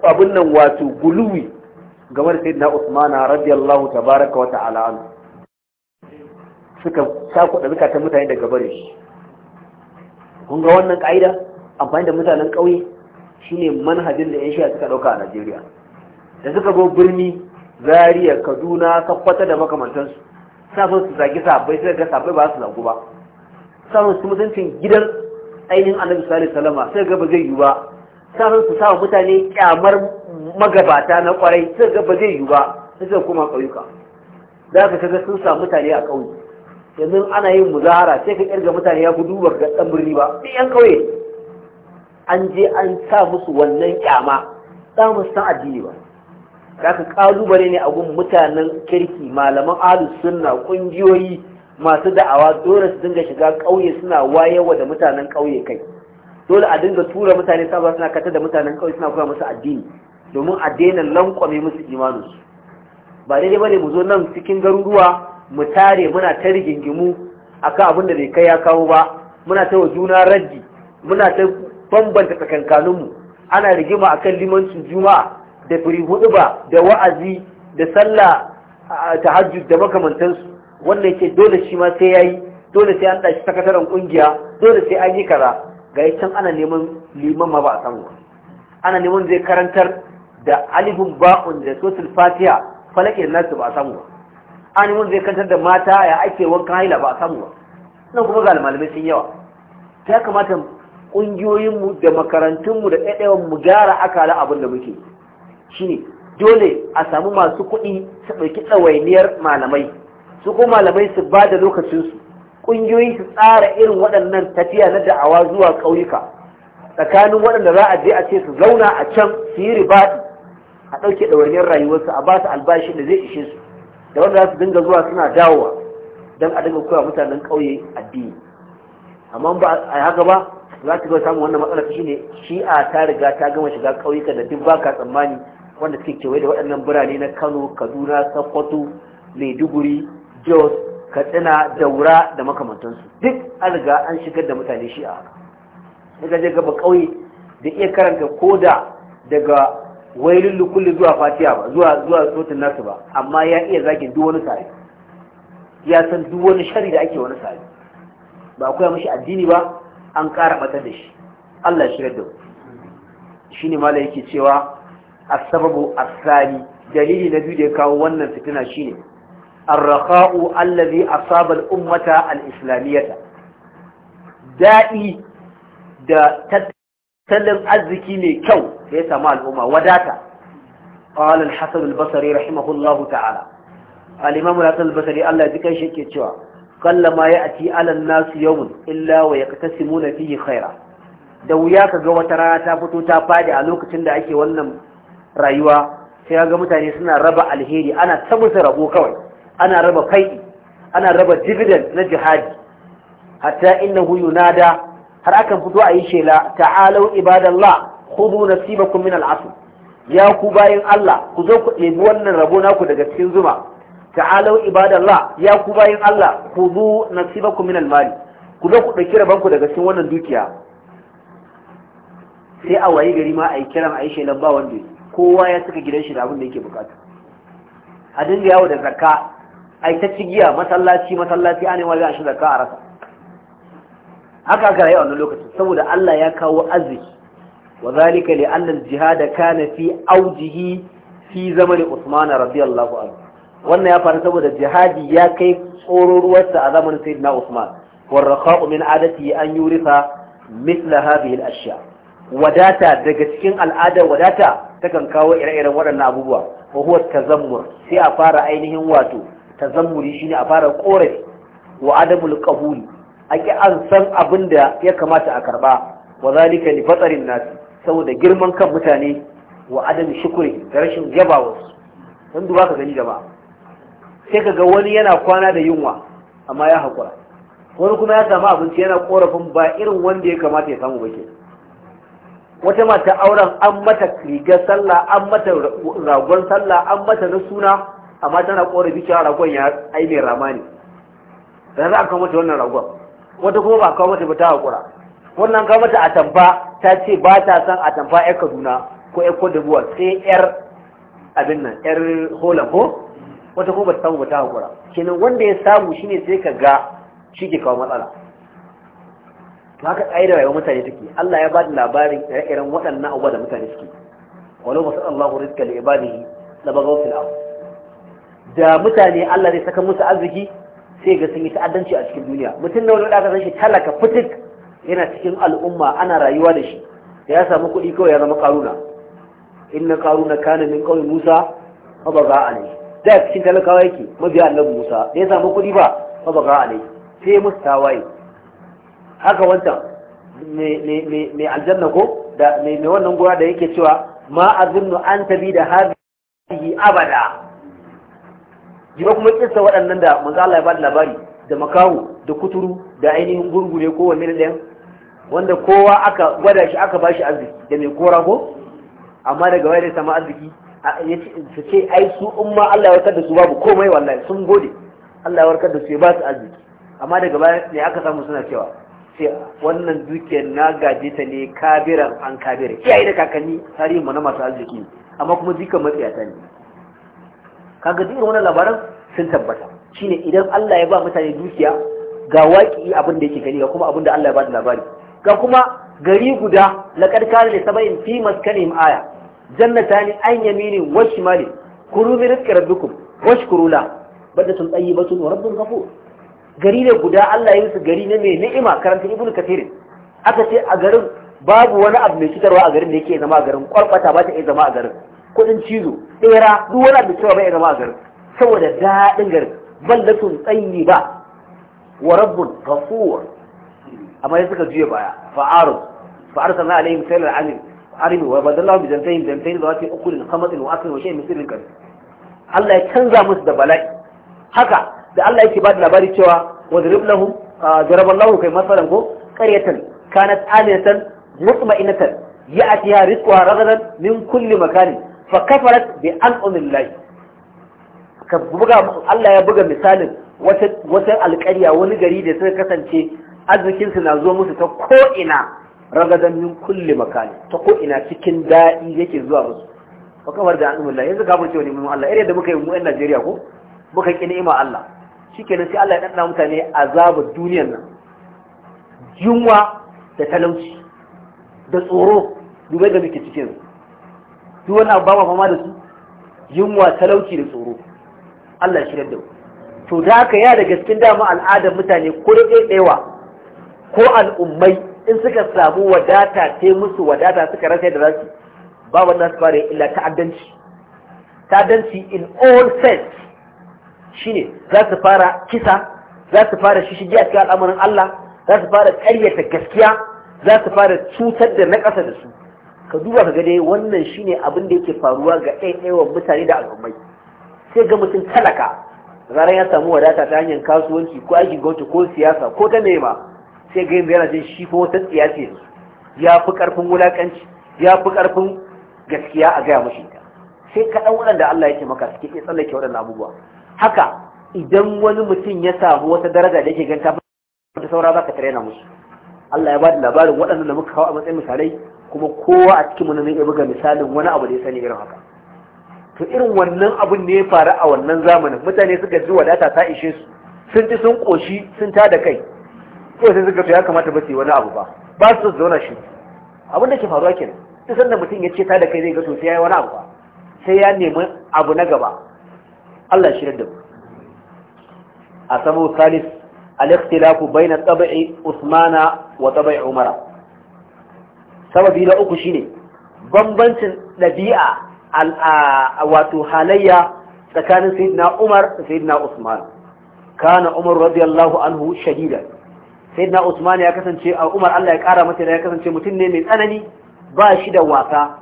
abin nan wato guluwi game da sayyidina usmana radiyallahu tabaraka wa ta'ala anhu suka sako da zukatan mutane daga bare shi kun ga wannan ka'ida amfani da mutanen ƙauye shine manhajin da yan shiya suka dauka a Najeriya da suka zo birni Zaria Kaduna Sokoto da makamantansu sa so su zagi sabai sai ga sabai ba su zagu ba sa su mutuncin gidan ainihin Annabi sallallahu alaihi wasallam sai ga ba zai yi ba sa su sa mutane kyamar magabata na kwarai sai ga ba zai yi ba sai su kuma kauyuka za ka kaga sun sa mutane a kauye yanzu ana yin muzahara sai ka kirga mutane ya gudu ba ga dan birni ba sai yan kauye an je an sa musu wannan kyama za mu san addini ba ka kalubale ne a gun mutanen kirki malaman ahlus sunna kungiyoyi masu da'awa dole su dinga shiga ƙauye suna wayewa da mutanen ƙauye kai dole a dinga tura mutane sabuwa suna kata da mutanen ƙauye suna koya musu addini domin a daina lankwame musu imaninsu ba daidai bane mu zo nan cikin garuruwa mu tare muna ta rigingimu akan abin da bai kai ya kawo ba muna ta wa juna raddi muna ta bambanta tsakankaninmu ana rigima a kan limancin juma'a da firi ba da wa'azi da sallah tahajjud da makamantansu wannan ke dole shi ma sai ya yi dole sai an ɗashi sakataren ƙungiya dole sai an yi kara. ga can ana neman liman ma ba a samu ana neman zai karantar da alifin ba'un da sotul fatiha falakin nasu ba a samu ba ana neman zai karantar da mata ya ake wankan haila ba a samu ba nan kuma ga malamai sun yawa ta kamata ƙungiyoyinmu da makarantunmu da ɗaiɗaiwan mu gara akala abin da muke shine dole a samu masu kuɗi su ɗauki tsawainiyar malamai su kuma malamai su ba da lokacinsu ƙungiyoyi su tsara irin waɗannan tafiya na da'awa zuwa ƙauyuka tsakanin waɗanda za a je a ce su zauna a can su yi ribaɗi a ɗauke ɗawainiyar rayuwarsu a basu albashi da zai ishe su da wanda za su dinga zuwa suna dawowa don a dinga koya mutanen ƙauye addini amma ba a haka ba za ta zo samun wannan matsalar shine shi'a ta riga ta gama shiga ƙauyuka da duk baka tsammani wanda suke kewaye da waɗannan birane na Kano Kaduna Sokoto Maiduguri Jos Katsina Daura da makamantansu duk an riga an shigar da mutane shi'a daga je gaba ƙauye da iya karanta koda daga wailin lukulli zuwa fatiya ba zuwa zuwa sotin nasu ba amma ya iya zagin duk wani sare ya san duk wani shari da ake wani sare ba akwai mashi addini ba an ƙara ɓatar da shi Allah shirya da shi ne mala yake cewa a asali dalili na biyu da ya kawo wannan fitina shine arraka'u allazi asaba al-ummata al-islamiyyata daɗi da tattalin arziki mai kyau da ya samu al'umma wadata qala al-hasan al rahimahullahu ta'ala al-imam al Allah ya ji kai shi yake cewa kalla ma ya'ti ala an-nas yawm illa wa yaqtasimuna fihi khaira da wuya kaga wata rana ta fito ta fadi a lokacin da ake wannan rayuwa sai kaga mutane suna raba alheri ana ta rabo kawai ana raba kai ana raba dividend na jihadi hatta innahu yunada har akan fito a yi shela ta'alau ibadallah khudhu nasibakum min al-asr ya ku bayin Allah ku zo ku ɗebi wannan rabo naku daga cikin zuma ta'alau ibadallah ya ku bayin Allah ku zo nasibakum min mali ku zo ku dauki rabanku daga cikin wannan dukiya sai a wayi gari ma ai kiran Aisha, shelan ba wanda kowa ya saka gidan shi da abin da yake bukata a dinga yawo da zakka ai ta cigiya masallaci masallaci ana wani a shi zakka a rasa haka aka rayu a wannan lokacin saboda Allah ya kawo arziki wa zalika li anna al-jihad kana fi awjihi fi zamani Uthman radiyallahu anhu wannan ya faru saboda jihadi ya kai tsororuwarsa a zamanin na Usman warrakha'u min adati an yurifa mithla hadhihi al-ashya wadata daga cikin al'adar wadata takan kawo ire-iren waɗannan abubuwa ko huwa tazammur sai a fara ainihin wato tazammuri shine a fara korafi wa adamul qabuli ki an san abin da ya kamata a karba wa zalika li fatsarin nasi saboda girman kan mutane wa adam shukuri da rashin yabawa wasu wanda ka gani jama'a sai kaga wani yana kwana da yunwa amma ya haƙura wani kuma ya samu abinci yana korafin ba irin wanda ya kamata ya samu ba ke wata mata auren an mata rigar sallah an mata ragon sallah an mata na suna amma tana korafi cewa ragon ya aime rama ne da za a kawo mata wannan ragon wata kuma ba kawo mata ba ta haƙura wannan kawo mata atamfa ta ce ba ta san atamfa yar kaduna ko yar kwadabuwa sai yar abin nan yar holan ko wata ko ba ta samu ba ta haƙura kenan wanda ya samu shine sai ka ga shi ke kawo matsala to haka ƙa'idar rayuwar mutane take Allah ya ba da labarin ire-iren waɗannan abubuwa da mutane suke walau ba Allah rizqa li ibadihi la bagaw fil ardh da mutane Allah zai saka musu arziki sai ga sun yi ta'addanci a cikin duniya mutum na wani da aka san shi talaka fitik yana cikin al'umma ana rayuwa da shi da ya samu kuɗi kawai ya zama karuna inna karuna kana min qaumi musa fa baga alayhi da cikin talakawa yake mabiya annabi Musa da ya samu kuɗi ba fa baka alai sai musu tawaye haka wancan mai aljanna ko da mai wannan gura da yake cewa ma azunnu an tabi da hadhihi abada jiba kuma kissa waɗannan da manzo Allah ya da labari da makahu da kuturu da ainihin gurgure ko wani da wanda kowa aka gwada shi aka bashi arziki da mai kora ko amma daga wayar sama arziki su ce ai su umma Allah ya warkar da su babu komai wallahi sun gode Allah ya warkar da su ya ba su arziki amma daga baya ne aka samu suna cewa sai wannan dukiyar na gaje ta ne kabiran an kabira iyaye da kakanni tarihin mu na masu arziki amma kuma dukan matsiyata ne kaga duk wannan labaran sun tabbata shine idan Allah ya ba mutane dukiya ga waki abin da yake gani ga kuma abin da Allah ya ba labari ga kuma gari guda laqad kana li sabain fi maskanihim aya jannatani an yaminin wa shimali kuru bi rizqi rabbikum washkuru la badatun tayyibatun wa rabbun ghafur gari ne guda Allah ya musu gari ne mai ni'ima karanta ibnu kathir aka ce a garin babu wani abu mai cutarwa a garin da yake zama a garin kwarkwata ba ta iya zama a garin kudin cizo tsera duk wani abu cewa ba ya zama a garin saboda daɗin garin ballatun tsayi ba wa rabbun ghafur amma ya suka juya baya fa'aru fa'arsalna alaihi sayyidal alim arimi wa badallahu bi jantayn da zawati ukul khamat wa akl wa shay min sirrin kan Allah ya canza musu da bala'i haka da Allah yake ba da labari cewa wadrib lahum Jaraballahu kai masalan ko qaryatan kanat alatan mutma'inatan ya'tiha rizquha ragadan min kulli makani, fa kafarat bi an'amillahi ka buga Allah ya buga misalin wata wata alƙarya wani gari da suka kasance arzikinsu na zo musu ta ko'ina ragadan min kulli makani ta ko ina cikin daɗi yake zuwa musu fa kamar da annabi Allah yanzu kafin cewa neman Allah irin da muka yi mu ɗan Najeriya ko muka ki ni'ima Allah shikenan sai Allah ya danna mutane azabar duniyar nan yunwa da talauci da tsoro dubai da muke cikin duk wani abu ba ma fama da su yunwa talauci da tsoro Allah ya shirya da mu to da haka ya da gaskin dama al'adar mutane ko da ɗaiɗaiwa ko al'ummai in suka samu wadata ta musu wadata suka rasa da zasu ba wannan su fara illa ta'addanci ta'addanci in all sense shine za su fara kisa za su fara shishigi a cikin al'amarin Allah za su fara ƙaryata gaskiya za su fara cutar da na ƙasa da su ka duba ka dai wannan shine abin da yake faruwa ga ɗaiɗaiwan mutane da al'ummai sai ga mutum talaka zaran ya samu wadata ta hanyar kasuwanci ko aikin gwamnati ko siyasa ko ta nema sai ga yana jin shi ko wata tsiya ce ya fi karfin wulakanci ya fi karfin gaskiya a gaya mashi ta sai kaɗan waɗanda Allah yake maka suke iya tsallake waɗannan abubuwa haka idan wani mutum ya samu wata daraja da yake gan ta ta saura za ka tare na musu Allah ya ba da labarin waɗannan da muka kawo a matsayin misalai kuma kowa a cikin mun ya buga misalin wani abu da ya sani irin haka to irin wannan abun ne ya faru a wannan zamanin mutane suka ji wadata ta ishe su sun ci sun koshi sun ta da kai kawai sai suka ya kamata ba su yi wani abu ba ba su zauna shi abin da ke faruwa kenan duk sanda mutum ya ce ta da kai zai ga to sai ya yi wani abu ba sai ya nemi abu na gaba Allah shi da a samu salis al-ikhtilafu bayna tab'i usmana wa tab'i umara sababi na uku shine bambancin ɗabi'a wato halayya tsakanin sayyidina Umar da sayyidina Usman kana Umar radiyallahu anhu shadidan sayyidina Usman ya kasance a Umar Allah ya kara masa ya kasance mutum ne mai tsanani ba shi da wasa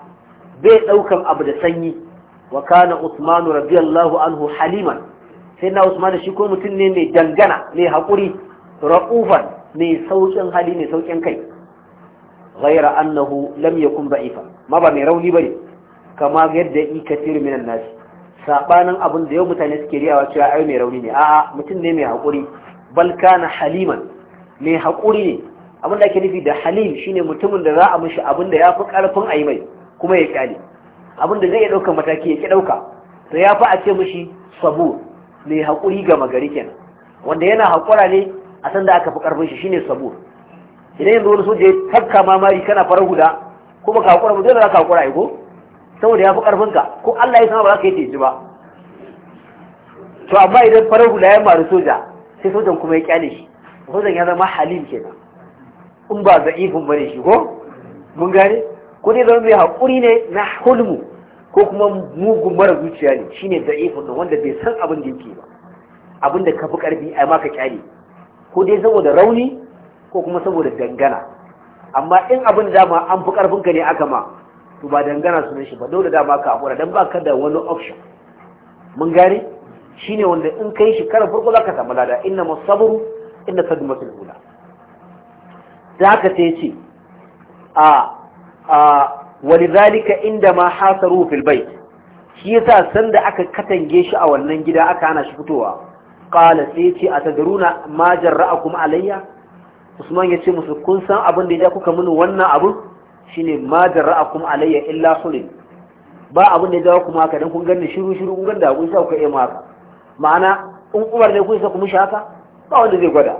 bai daukan abu da sanyi wa kana Usman radiyallahu anhu haliman sayyidina Usman shi ko mutum ne mai dangana mai hakuri ra'ufan mai saukin hali mai saukin kai ghaira annahu lam yakun ba'ifa ma ba mai rauni bane kama yadda yi kafir minan nasi sabanin abin da yau mutane suke riyawa cewa ai mai rauni ne a'a mutum ne mai hakuri bal kana haliman mai haƙuri ne abin da ake nufi da Halil shine mutumin da za a mushi abin da ya fi ƙarfin a yi mai kuma ya ƙyale abin da zai iya ɗaukar mataki ya ƙi ɗauka to ya fi a ce mushi sabu mai haƙuri ga magari kenan wanda yana haƙura ne a san da aka fi ƙarfin shi shine sabu idan yanzu wani soja ya tafka mamari kana farar huda ko baka haƙura ba dole za ka haƙura ko saboda ya fi ƙarfin ka ko Allah ya san ba za ka yi teji ba to amma idan farar huda ya maru soja sai sojan kuma ya kyale shi huzan ya zama halin kenan in ba za'ifin bane shi ko mun gane ko dai zama mai haƙuri ne na hulmu ko kuma mugun mara zuciya ne shine za'ifin nan wanda bai san abin da yake ba abin da ka fi ƙarfi a maka kyale ko dai saboda rauni ko kuma saboda dangana amma in abin da dama an fi ƙarfin ka ne aka ma to ba dangana sunan shi ba dole da ma ka haƙura dan ka da wani option mun gane shine wanda in kai shi karan farko zaka samu lada inna masabru illa sadmatul hula da haka sai ce a a zalika inda ma hasaru fil bait shi yasa da aka katange shi a wannan gida aka hana shi fitowa qala sai ce a atadaruna ma jarra'akum alayya usman yace musu kun san abin da ya kuka mini wannan abin shine ma jarra'akum alayya illa hulin ba abin da ya jawo kuma haka dan kun ganni shiru shiru kun da kun sa ku yi maka ma'ana in umar ne kun sa ku mushi haka ba wanda zai gwada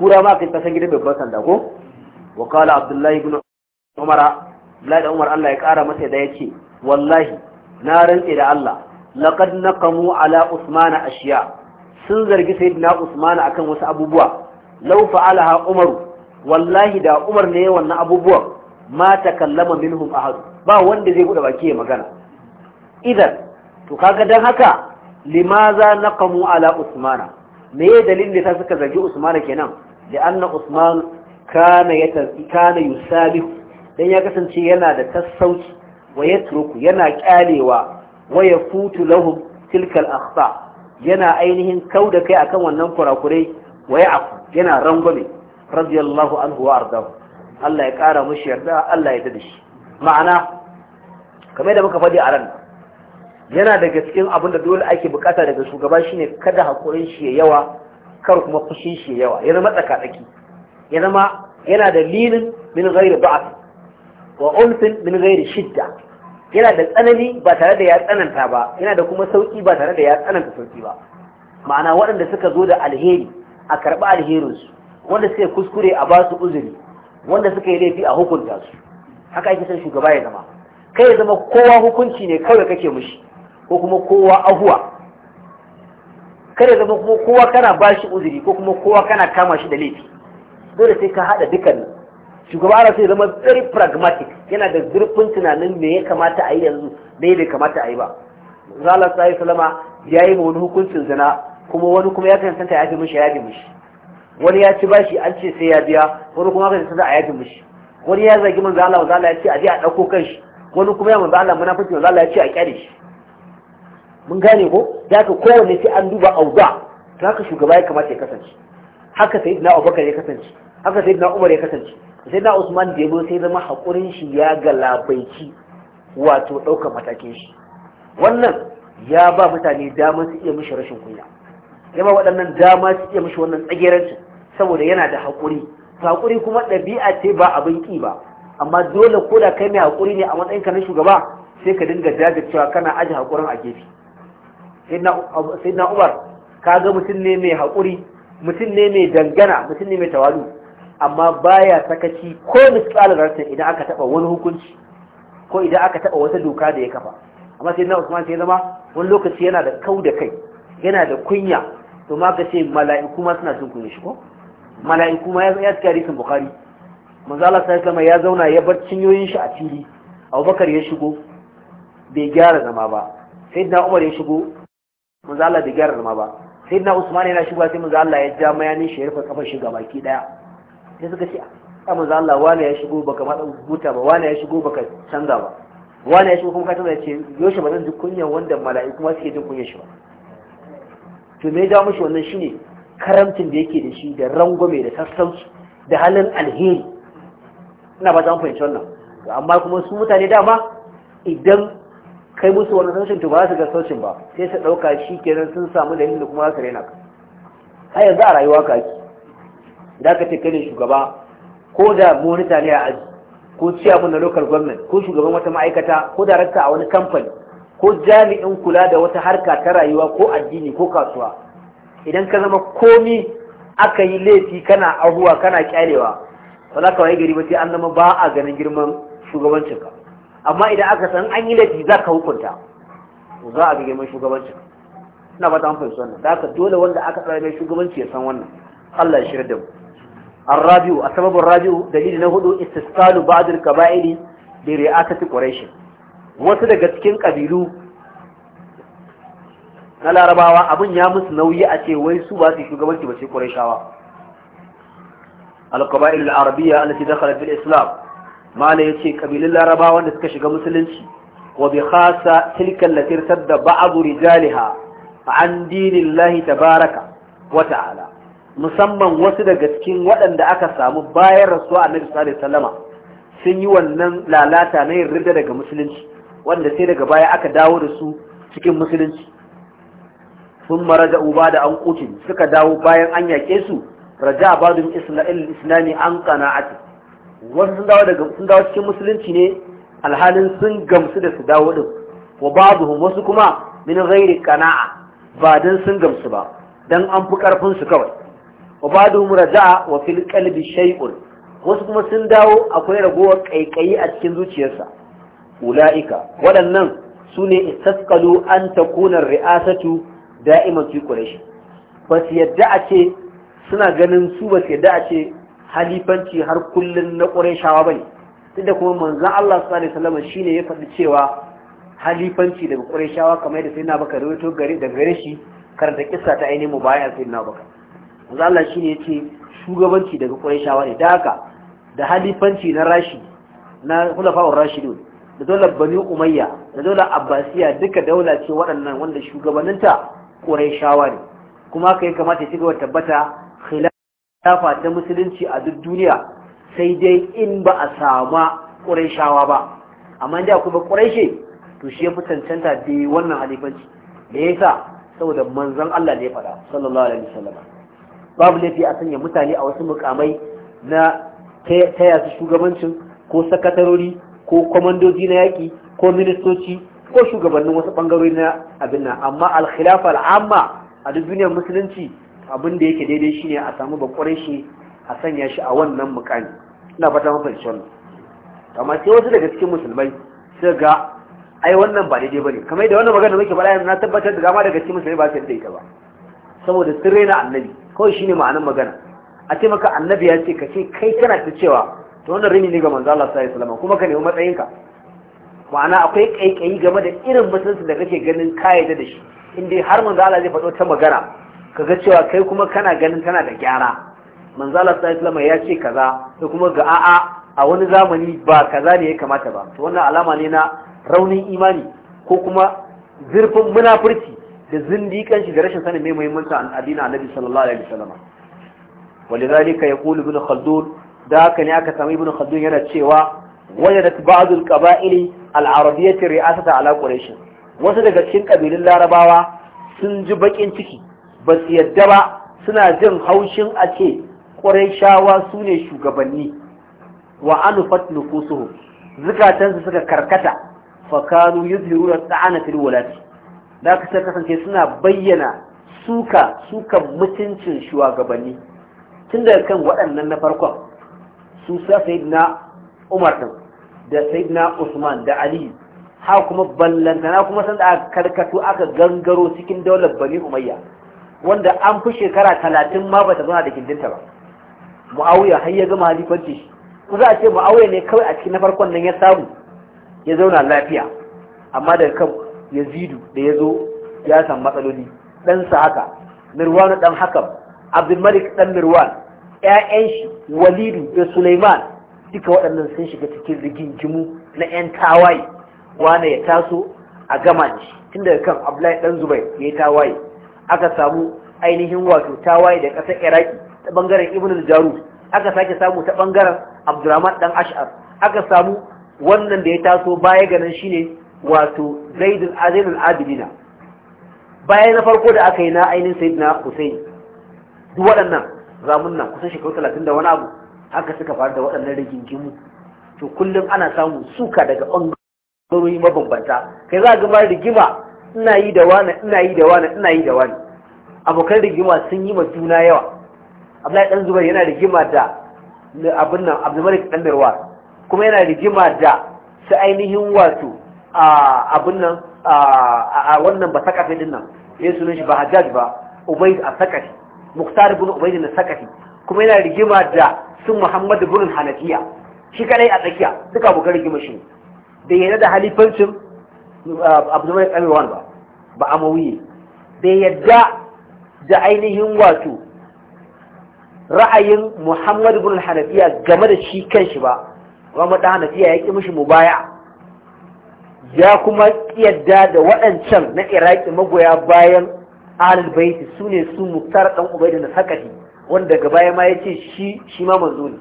kura ma kai kasan gidan babban sanda ko wa qala abdullahi ibn umara da umar Allah ya kara masa da yace wallahi na rantse da Allah laqad naqamu ala usman ashiya sun zargi sayyidina usman akan wasu abubuwa law fa'alaha umaru wallahi da umar ne wannan abubuwan ma takallama minhum ahad ba wanda zai buɗe baki ya magana idan to kaga dan haka limaza naqamu ala usmana me ya dalilin da suka zargi usman kenan da anna usman kana yata kana yusabi dan ya kasance yana da tasauci wa yatruku yana kyalewa wa yafutu lahum tilkal akhta yana ainihin kauda kai akan wannan kurakurai wa ya'fu yana rangwame radiyallahu anhu wa Allah ya kara mushi yarda Allah ya dade shi ma'ana kamar da muka faɗi a ran yana daga cikin abin da dole ake bukata daga shugaba shine kada hakurin shi ya yawa kar kuma fushin shi ya yawa ya zama tsakatsaki ya zama yana da lilin min ghairi da'af wa unfin min ghairi shidda yana da tsanani ba tare da ya tsananta ba yana da kuma sauki ba tare da ya tsananta sauki ba ma'ana waɗanda suka zo da alheri a karɓi su wanda suka kuskure a basu uzuri wanda suka yi laifi a hukunta su haka ake son shugaba ya zama kai ya zama kowa hukunci ne kawai kake mushi ko kuma kowa ahuwa kada zama kuma kowa kana ba shi uzuri ko kuma kowa kana kama shi da laifi dole sai ka haɗa dukkan shugaba ana sai zama very pragmatic yana da zurfin tunanin me ya kamata a yi yanzu me bai kamata a yi ba zala sa'i salama ya yi wani hukuncin zina kuma wani kuma ya kansanta ya fi mishi ya fi mishi wani ya ci bashi an ce sai ya biya wani kuma ya kansanta a ya fi mishi wani ya zagi manzo Allah manzo Allah ya ce a je a dauko shi. wani kuma ya manzo Allah munafiki manzo Allah ya ce a kyale shi mun gane ko da ka kowanne sai an duba auda to haka shugaba ya kamata ya kasance haka sai na abubakar ya kasance haka sai na umar ya kasance sai na usman da ya zo sai zama haƙurin shi ya galabaici wato ɗaukar matakin shi wannan ya ba mutane dama su iya mishi rashin kunya ya ba waɗannan dama su iya mishi wannan tsagerancin saboda yana da haƙuri haƙuri kuma ɗabi'a ce ba abin ƙi ba amma dole ko da kai mai haƙuri ne a matsayin na shugaba sai ka dinga jajircewa kana aji haƙurin a gefe sayyidina umar kaga mutum ne mai haƙuri mutum ne mai dangana mutum ne mai tawadu amma baya sakaci ko misalin rantsa idan aka taɓa wani hukunci ko idan aka taɓa wata doka da ya kafa amma sayyidina usman sai zama wani lokaci yana da kau da kai yana da kunya to ma ka ce mala'iku ma suna jin kunya shi ko mala'iku ma ya tsaya hadisin bukhari manzo Allah sallallahu ya zauna ya bar cinyoyin shi a fili Abubakar ya shigo bai gyara zama ba sayyidina Umar ya shigo manzo Allah da gyara ma ba sai na Usman yana shiga sai manzo Allah ya ja mayani sharifa kafa rufe kafar baki daya sai suka ce a ah, manzo Allah wani ya shigo baka ma huta ba wani ya shigo baka canza ba wani ya shigo kuma ka tana ce yoshi ba zan ji kunyan wanda mala'iku ma suke jin kunya shi ba to me ja mushi wannan shine karamcin da yake da shi da rangwame da sassauci da halin alheri ina ba za mu fahimci wannan amma kuma su mutane dama idan kai musu wani saucin to ba su ga saucin ba sai su ɗauka shi kenan sun samu da hindu kuma su raina ka yanzu a rayuwa ka ake da ka ce ne shugaba ko da monita ne a aji ko mun na local government ko shugaban wata ma'aikata ko darakta a wani kamfani ko jami'in kula da wata harka ta rayuwa ko addini ko kasuwa idan ka zama komi aka yi laifi kana ahuwa kana kyalewa ba za ka gari ba sai an zama ba a ganin girman shugabancinka amma idan aka san an yi laifi za ka hukunta za a bige mai shugabanci ina fata an fahimci su wannan da aka dole wanda aka tsara mai shugabanci ya san wannan Allah ya shirya da mu Rabi'u, الرابع السبب الرابع دليل نهدو استسقال بعض bi ri'asati quraish wasu daga cikin ƙabilu na larabawa abin ya musu nauyi a ce wai su ba su shugabanci ba sai ƙurashawa al-qaba'il al-arabiyya allati dakhalat bil islam mala ya ce kabilun laraba wanda suka shiga musulunci wa bi khasa tilkan latir tadda ba'adu rijaliha an dinin lahi tabaraka wa ta'ala musamman wasu daga cikin waɗanda aka samu bayan rasuwa a sallallahu alaihi wasallama sun yi wannan lalata na yin rida daga musulunci wanda sai daga baya aka dawo da su cikin musulunci sun mara da uba da an kucin suka dawo bayan an yake su raja ba isra'il islami an qana'ati wasu sun dawo daga sun dawo cikin musulunci ne alhalin sun gamsu da su dawo din wa ba'dhum wasu kuma min ghairi qana'a ba dan sun gamsu ba dan an fi karfin su kawai wa ba'dhum raja'a wa fil qalbi shay'un wasu kuma sun dawo akwai ragowar kaikayi a cikin zuciyarsa ula'ika waɗannan su ne istaskalu an takuna ri'asatu da'iman fi ba su yadda a ce suna ganin su ba su yadda a ce halifanci har kullum na ne bane da kuma manzan Allah ne salama shi ne ya faɗi cewa halifanci daga shawa kamar yadda baka da wato gari da gare shi karanta kisa ta ainihin sai na baka manzan Allah ya ce shugabanci daga shawa ne da haka da halifanci na Rashid na Khulafa'ur Rashidun da daular Bani Umayya da daular Abbasiya duka daula ce waɗannan wanda shugabanninta shawa ne kuma haka ya kamata ya ci gaba tabbata tafa ta musulunci a duk duniya sai dai in ba a sama kuraishawa ba amma da kuma ƙurayshe to shi ya fi cancanta da wannan halifanci da ya sa saboda manzon Allah ne faɗa sallallahu alaihi wasallam babu laifi a sanya mutane a wasu mukamai na taya su shugabancin ko sakatarori ko kwamandoji na yaƙi ko ministoci ko shugabannin wasu ɓangarori na abin nan amma alkhilafa al'amma a duk duniyar musulunci abin da yake daidai shine a samu bakwarai shi a sanya shi a wannan mukami ina fata mun fahimci wannan amma sai wasu daga cikin musulmai sai ga ai wannan ba daidai bane kamar da wannan magana muke faɗa yanzu na tabbatar da gama daga cikin musulmai ba su da ita ba saboda sun raina annabi kawai shine ma'anar magana a ce maka annabi ya ce ka ce kai kana ta cewa to wannan rini ne ga manzo Allah sallallahu alaihi wasallam kuma ka nemi matsayinka ma'ana akwai kaikayi game da irin musulunci da kake ganin kayyade da shi in har manzo Allah zai faɗo ta magana kaga cewa kai kuma kana ganin tana da gyara manzala sallallahu ya ce kaza to kuma ga a'a a wani zamani ba kaza ne ya kamata ba to wannan alama ne na raunin imani ko kuma zurfin munafurci da zindikan shi da rashin sanin mai muhimmanci a addinin Annabi sallallahu alaihi wasallam walidhalika yaqulu ibn khaldun da haka ne aka samu ibn khaldun yana cewa wajadat ba'd al-qaba'il al-arabiyyah ri'asata ala quraish wasu daga cikin kabilun larabawa sun ji bakin ciki ba su yadda ba suna jin haushin a ce ƙwarai su ne shugabanni wa anufat nufusuhu zukatansu suka karkata fakanu yuzhiru da tsana fil walati da aka sai kasance suna bayyana suka sukan mutuncin shugabanni tun daga kan waɗannan na farkon su sa na Umar ɗin da na Usman da Ali ha kuma ballantana kuma sanda a karkatu aka gangaro cikin daular Bani Umayya wanda an fi shekara talatin ma bata zauna da gindinta ba mu'awiya har ya gama halifanci shi ku za a ce mu'awiya ne kawai a cikin na farkon nan ya samu ya zauna lafiya amma daga kan yazidu da ya zo ya samu matsaloli ɗansa haka mirwanu ɗan hakam abdulmalik ɗan mirwan ‘ya'yan shi walidu da suleiman duka waɗannan sun shiga cikin rigingimu na ‘yan tawaye wane ya taso a gama shi tun daga kan abdullahi ɗan zubai ya yi tawaye aka samu ainihin wato tawaye da ƙasar iraki ta bangaren ibn al aka sake samu ta bangaren abdurrahman dan ash'ar aka samu wannan da ya taso baya ganin shine wato zaid al-azim abidina baya na farko da aka yi na ainihin sayyidina husayn duk waɗannan zamun nan kusan shekaru 30 da wani abu haka suka faru da waɗannan rigingimu to kullum ana samu suka daga ɓangarori mabambanta kai za ga ba rigima ina yi da wani ina yi da wani ina yi da wani abokan rigima sun yi ma juna yawa abdullahi dan zubair yana rigima da abin nan abdulmalik dan mirwa kuma yana rigima da su ainihin wato a abin nan a wannan ba sakafe din nan ya sunan shi ba hajjaj ba ubaid a sakafi muktar ibn ubaid na sakafi kuma yana rigima da sun muhammad ibn hanafiya shi kadai a tsakiya duka abokan rigima shi da yana da halifancin ba ba amawiye bai yadda da ainihin wato ra'ayin muhammad ibn hanafiya game da shi kanshi ba muhammad da hanafiya ya ki mishi mubaya ya kuma yadda da waɗancan na iraki magoya bayan al baiti su ne su muktar dan Ubaidu da sakati wanda daga baya ma ya ce shi shi ma manzo ne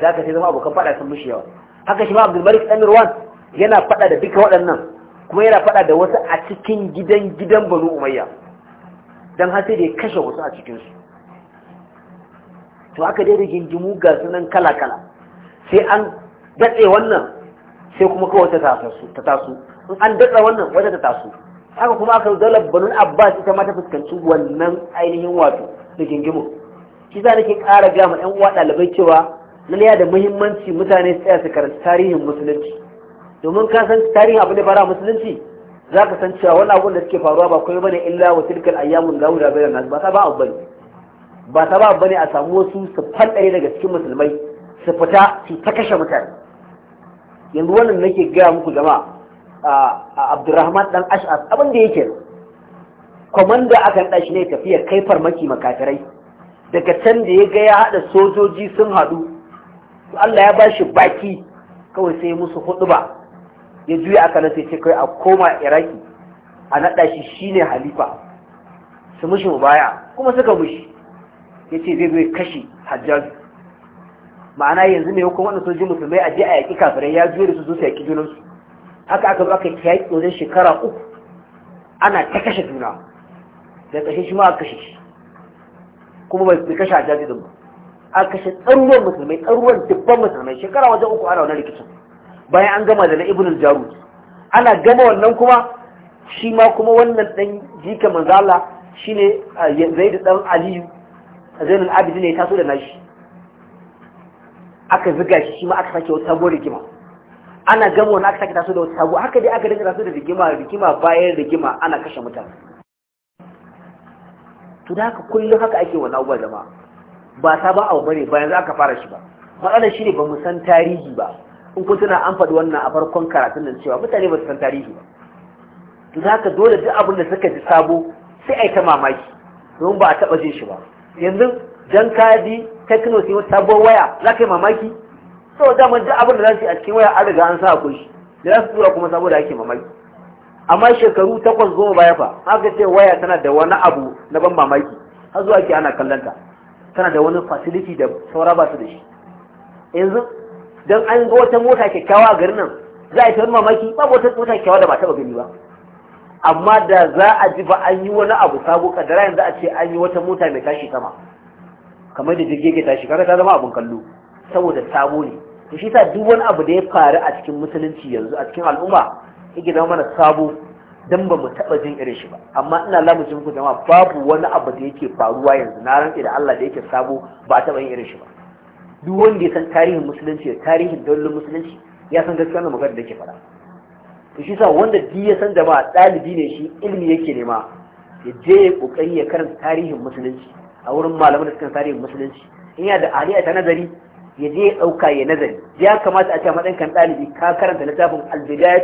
za ka sai zama abokan faɗa sun mishi yawa haka shi ma abdulmalik amirwan yana faɗa da duka waɗannan kuma yana faɗa da wasu a cikin gidan gidan banu umayya don har sai da ya kashe wasu a cikinsu to aka dai gindimu ga sunan kala-kala sai an datse wannan sai kuma kawai ta taso in an datsa wannan wata ta taso haka kuma aka daular banu abbas ita ma ta fuskanci wannan ainihin wato da gindimu shi za nake ƙara gama 'yan uwa ɗalibai cewa lalle da muhimmanci mutane su tsaya su karanta tarihin musulunci domin ka san tarihin abu ne fara musulunci za ka san cewa wani abun da suke faruwa ba kai bane illa wa tilkal ayyamun dawo da bayan nas ba ta ba abu bane ba ta ba abu bane a samu wasu su faɗaɗe daga cikin musulmai su fita su ta kashe mutane yanzu wannan nake gaya muku jama'a a Abdurrahman dan ash'as abin da yake komanda akan shi ne tafiya kai farmaki makafirai daga can da ya ga ya haɗa sojoji sun haɗu Allah ya ba shi baki kawai sai musu hudu ba ya juya aka nan sai kai a koma iraki a naɗa shi shine halifa su mushi mu baya kuma suka mushi ya ce zai zai kashe hajjazu ma'ana yanzu ne hukun wadda sojin musulmai a je a yaƙi kafirai ya juya da su zuwa su yaƙi junansu haka aka zo aka yaƙi wajen shekara uku ana ta kashe juna da kashe shi ma a kashe shi kuma bai kashe hajjazu din ba A kashe tsaruwan musulmai tsaruwan dubban musulmai shekara wajen uku ana wani rikicin bayan an gama da na ibn al-jarud ana gama wannan kuma shi ma kuma wannan dan jika shi ne zai da dan Aliyu Zainul Abidin ne taso da nashi aka ziga shi shi ma aka sake wata sabuwar rigima ana gama wani aka sake taso da wata sabuwa haka dai aka dinga taso da rigima rigima bayan rigima ana kashe mutane to da haka kullum haka ake wannan abubuwa jama'a ba ta ba abu bane bayan za ka fara shi ba matsalar shi ne ba mu san tarihi ba in kun tuna an faɗi wannan a farkon karatun nan cewa mutane ba su san tarihi ba to za ka dole duk abin da suka ji sabo sai a yi ta mamaki domin ba a taɓa jin shi ba yanzu dan kadi ji tekno sai wata sabuwar waya za ka yi mamaki sau da duk abin da za su yi a cikin waya an riga an sa akwai shi da za su tura kuma saboda ake mamaki amma shekaru takwas goma baya fa haka ce waya tana da wani abu na ban mamaki har zuwa ke ana kallon ta tana da wani fasiliti da saura ba su da shi yanzu don an ga wata mota kyakkyawa a garin nan za a yi ta mamaki ba wata mota kyakkyawa da ba taɓa gani ba amma da za a ji ba an yi wani abu sabo kadara yanzu a ce an yi wata mota mai tashi sama kamar da jirgin ke tashi kaga ta zama abin kallo saboda sabo ne to shi sa duk wani abu da ya faru a cikin musulunci yanzu a cikin al'umma yake zama mana sabo dan ba mu taba jin irin shi ba amma ina lamucin ku jama'a babu wani abu da yake faruwa yanzu na rantsi da Allah da yake sabo ba a taba yin irin shi ba duk wanda ya san tarihin musulunci da tarihin daular musulunci ya san gaskiya na magana da ke faɗa to shi sa wanda duk ya san jama'a ɗalibi ne shi ilimi yake nema ya je ya kokari ya karanta tarihin musulunci a wurin malaman da suka tarihin musulunci in yana da aliya ta nazari ya je ya ɗauka ya nazari ya kamata a ce matsayin kan ɗalibi ka karanta littafin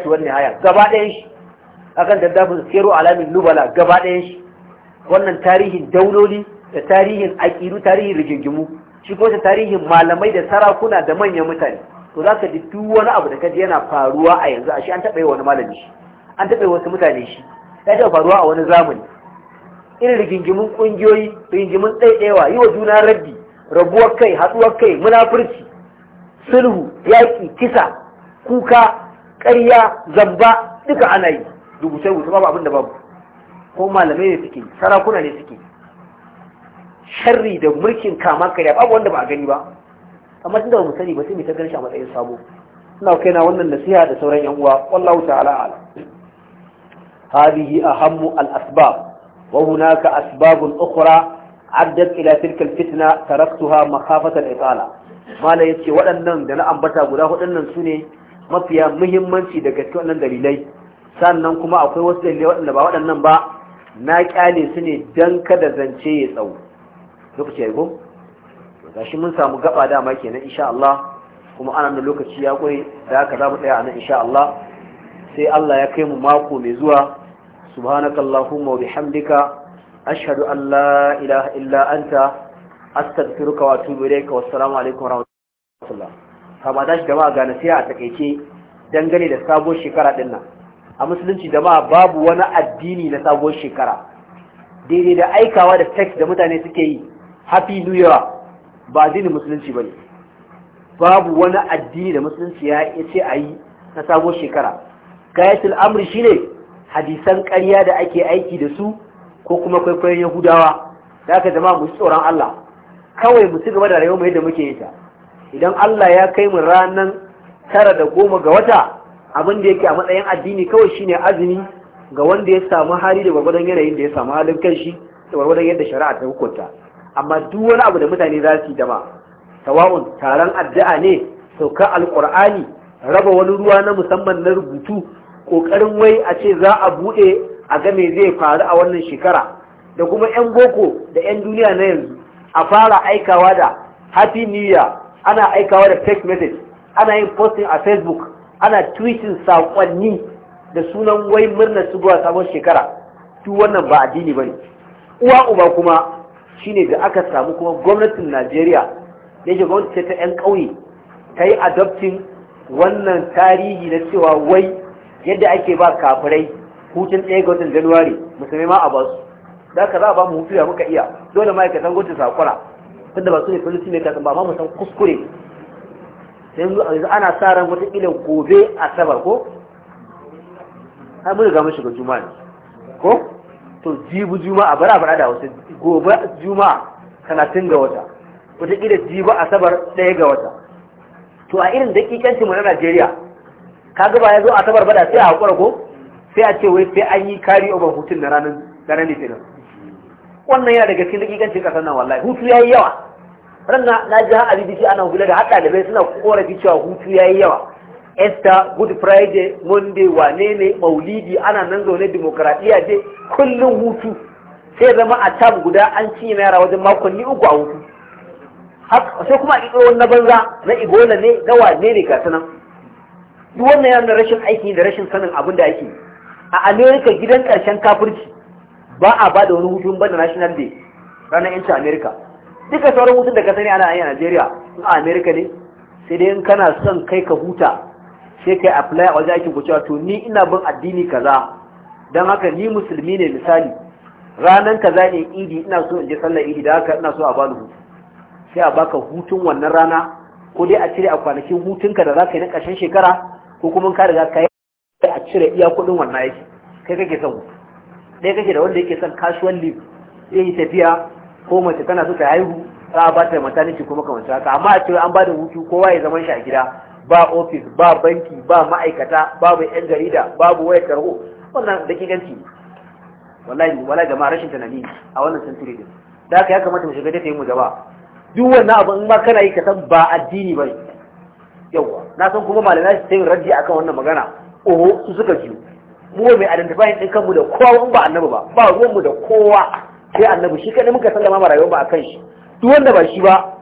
ci wan nihaya gaba ɗayan shi akan littafin siru alamin nubala gaba ɗayan shi wannan tarihin dauloli da tarihin aƙidu tarihin rigingimu shigo wata tarihin malamai da sarakuna da manyan mutane to za ka ji duk wani abu da kaji yana faruwa a yanzu a shi an taɓa yi wani malami shi an taɓa yi wasu mutane shi ya taɓa faruwa a wani zamani irin rigingimin ƙungiyoyi rigingimin tsaitsewa yi wa juna rabbi rabuwar kai haɗuwar kai munafurci sulhu yaƙi kisa kuka ƙarya zamba duka ana yi rubuce rubuce babu abin da babu ko malamai ne suke sarakuna ne suke sharri da mulkin kama karya babu wanda ba a gani ba amma tunda ba mu sani ba sai mu ta ganin shi a matsayin sabo ina kai na wannan nasiha da sauran yan uwa wallahu ta'ala ala hadihi ahammu al asbab wa hunaka asbab ukhra addat ila tilka al fitna taraktuha makhafatan itala mala yace waɗannan da na ambata guda waɗannan sune mafiya muhimmanci da cikin wannan dalilai sannan kuma akwai wasu dalilai waɗanda ba waɗannan ba na kyale su ne dan kada zance ya tsawo lokaci yayi ko gashi mun samu gaba dama kenan insha Allah kuma anan da lokaci ya kure da haka za mu tsaya anan insha Allah sai Allah ya kai mu mako mai zuwa subhanakallahumma wa bihamdika ashhadu an la ilaha illa anta astaghfiruka wa atubu ilayka wassalamu alaikum wa rahmatullah kama dashi jama'a ga nasiha a takeice dangane da sabuwar shekara din nan a musulunci jama'a babu wani addini na sabuwar shekara daidai da aikawa da text da mutane suke yi happy new year ba addinin musulunci ba ne, babu wani addini da musulunci ya ce a yi na sabon shekara gayatul amri ne hadisan ƙarya da ake aiki da su ko kuma kwaikwayon yahudawa da aka zama mu tsoron Allah kawai mu ci gaba da rayuwar yadda muke yi ta idan Allah ya kai mu ranan tara da goma ga wata abin da yake a matsayin addini kawai shine azumi ga wanda ya samu hali da gwargwadon yanayin da ya samu halin kanshi da gwargwadon yadda shari'a ta hukunta amma duk wani abu da mutane za su yi dama tawa'un taron addu'a ne sauka alkur'ani raba wani ruwa na musamman na rubutu kokarin wai a ce za a bude a ga me zai faru a wannan shekara da kuma yan boko da yan duniya na yanzu a fara aikawa da happy new year ana aikawa da text message ana yin posting a facebook ana tweeting saƙonni da sunan wai murnar zuwa sabon shekara duk wannan ba addini bane uwa uba kuma shine da aka samu kuma gwamnatin Najeriya yake gwamnati ce ta 'yan ƙauye ta yi adoptin wannan tarihi na cewa wai yadda ake ba kafirai hutun ɗaya ga watan Januwari musulmi ma a ba su da ka za a ba mu hutu ya muka iya dole ma'aikatan gwamnati sakura tunda ba su ne policy makers ba ma mu san kuskure sai yanzu ana sa ran wata ilan gobe asabar ko har mun ga mun shiga juma'a ko to jibu juma'a bara bara da wasu gobe juma'a talatin ga wata wataƙila jibu asabar ɗaya ga wata to a irin dakikancin mu na najeriya ka gaba ya zo asabar ba da sai a haƙura ko sai a ce wai sai an yi kari ban hutun na ranar ranar litinin wannan yana daga cikin dakikancin ƙasar nan wallahi hutu ya yi yawa ranar na ji har abin ana hula da da ɗalibai suna korafi cewa hutu ya yi yawa Esther, Good Friday, Monday, wane ne, Maulidi, ana nan zaune demokradiyya je kullum hutu. Sai zama a tab guda an ci yara wajen makonni uku a hutu. Sai kuma a ƙiƙiro na banza na igola ne, na wane ne ga sanan. Duk wannan yana rashin aiki da rashin sanin abin da ake. A Amerika gidan ƙarshen kafirci ba a ba da wani hutun banda National Day ranar 'yancin Amerika. Duka sauran hutun da ka sani ana yi a Najeriya, a Amerika ne, sai dai in kana son kai ka huta sai kai apply a wajen aikin ku cewa to ni ina bin addini kaza dan haka ni musulmi ne misali ranan kaza ne idi ina so in je sallar idi da haka ina so a bani hutu sai a baka hutun wannan rana ko dai a cire a kwanakin hutunka da zaka yi na ƙarshen shekara ko kuma ka riga ka yi a cire iya kuɗin wannan yake kai kake son hutu ɗaya kake da wanda yake son casual leave zai yi tafiya ko mace tana so ta haihu za a ba ta maternity kuma kamar haka amma a cewa an ba da hutu kowa ya zaman shi a gida ba ofis ba banki ba ma'aikata babu yan jarida babu wayar tarho wannan da ke ganci wallahi wala jama'a rashin tunani a wannan century din da haka ya kamata mu shiga da mu gaba duk wannan abu in ma kana yi ka san ba addini bane yawa na san kuma malama shi sai raji akan wannan magana oho su suka ji mu mai identify din kanmu da kowa in ba annabi ba ba ruwan mu da kowa sai annabi shi kadai muka da ma rayuwa ba akan shi duk wanda ba shi ba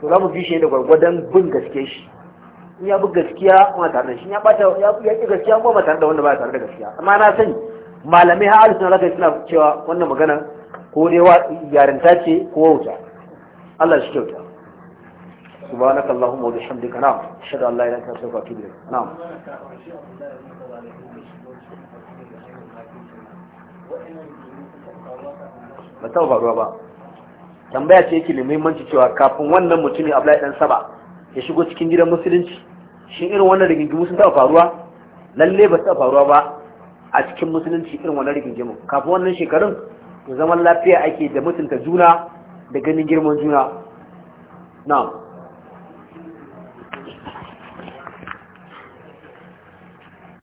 to za mu bi shi da gwargwadon bin gaske shi ya bi gaskiya kuma tare da shi ya bata ya ki gaskiya kuma ma tare da wanda ba tare da gaskiya amma na sani malamai har alisun alaka suna cewa wannan magana ko ne wa yarinta ce ko wuta Allah shi kyauta سبحانك اللهم وبحمدك نعم اشهد ان Allah اله ka انت استغفرك نعم ba ta ruwa ba tambaya ce yake da muhimmanci cewa kafin wannan mutumin Abdullahi dan Saba ya shigo cikin gidan musulunci shin irin wannan rigingimu sun taɓa faruwa lalle ba su taɓa faruwa ba a cikin musulunci irin wannan rigingimu kafin wannan shekarun zaman lafiya ake da mutunta juna da ganin girman juna na'am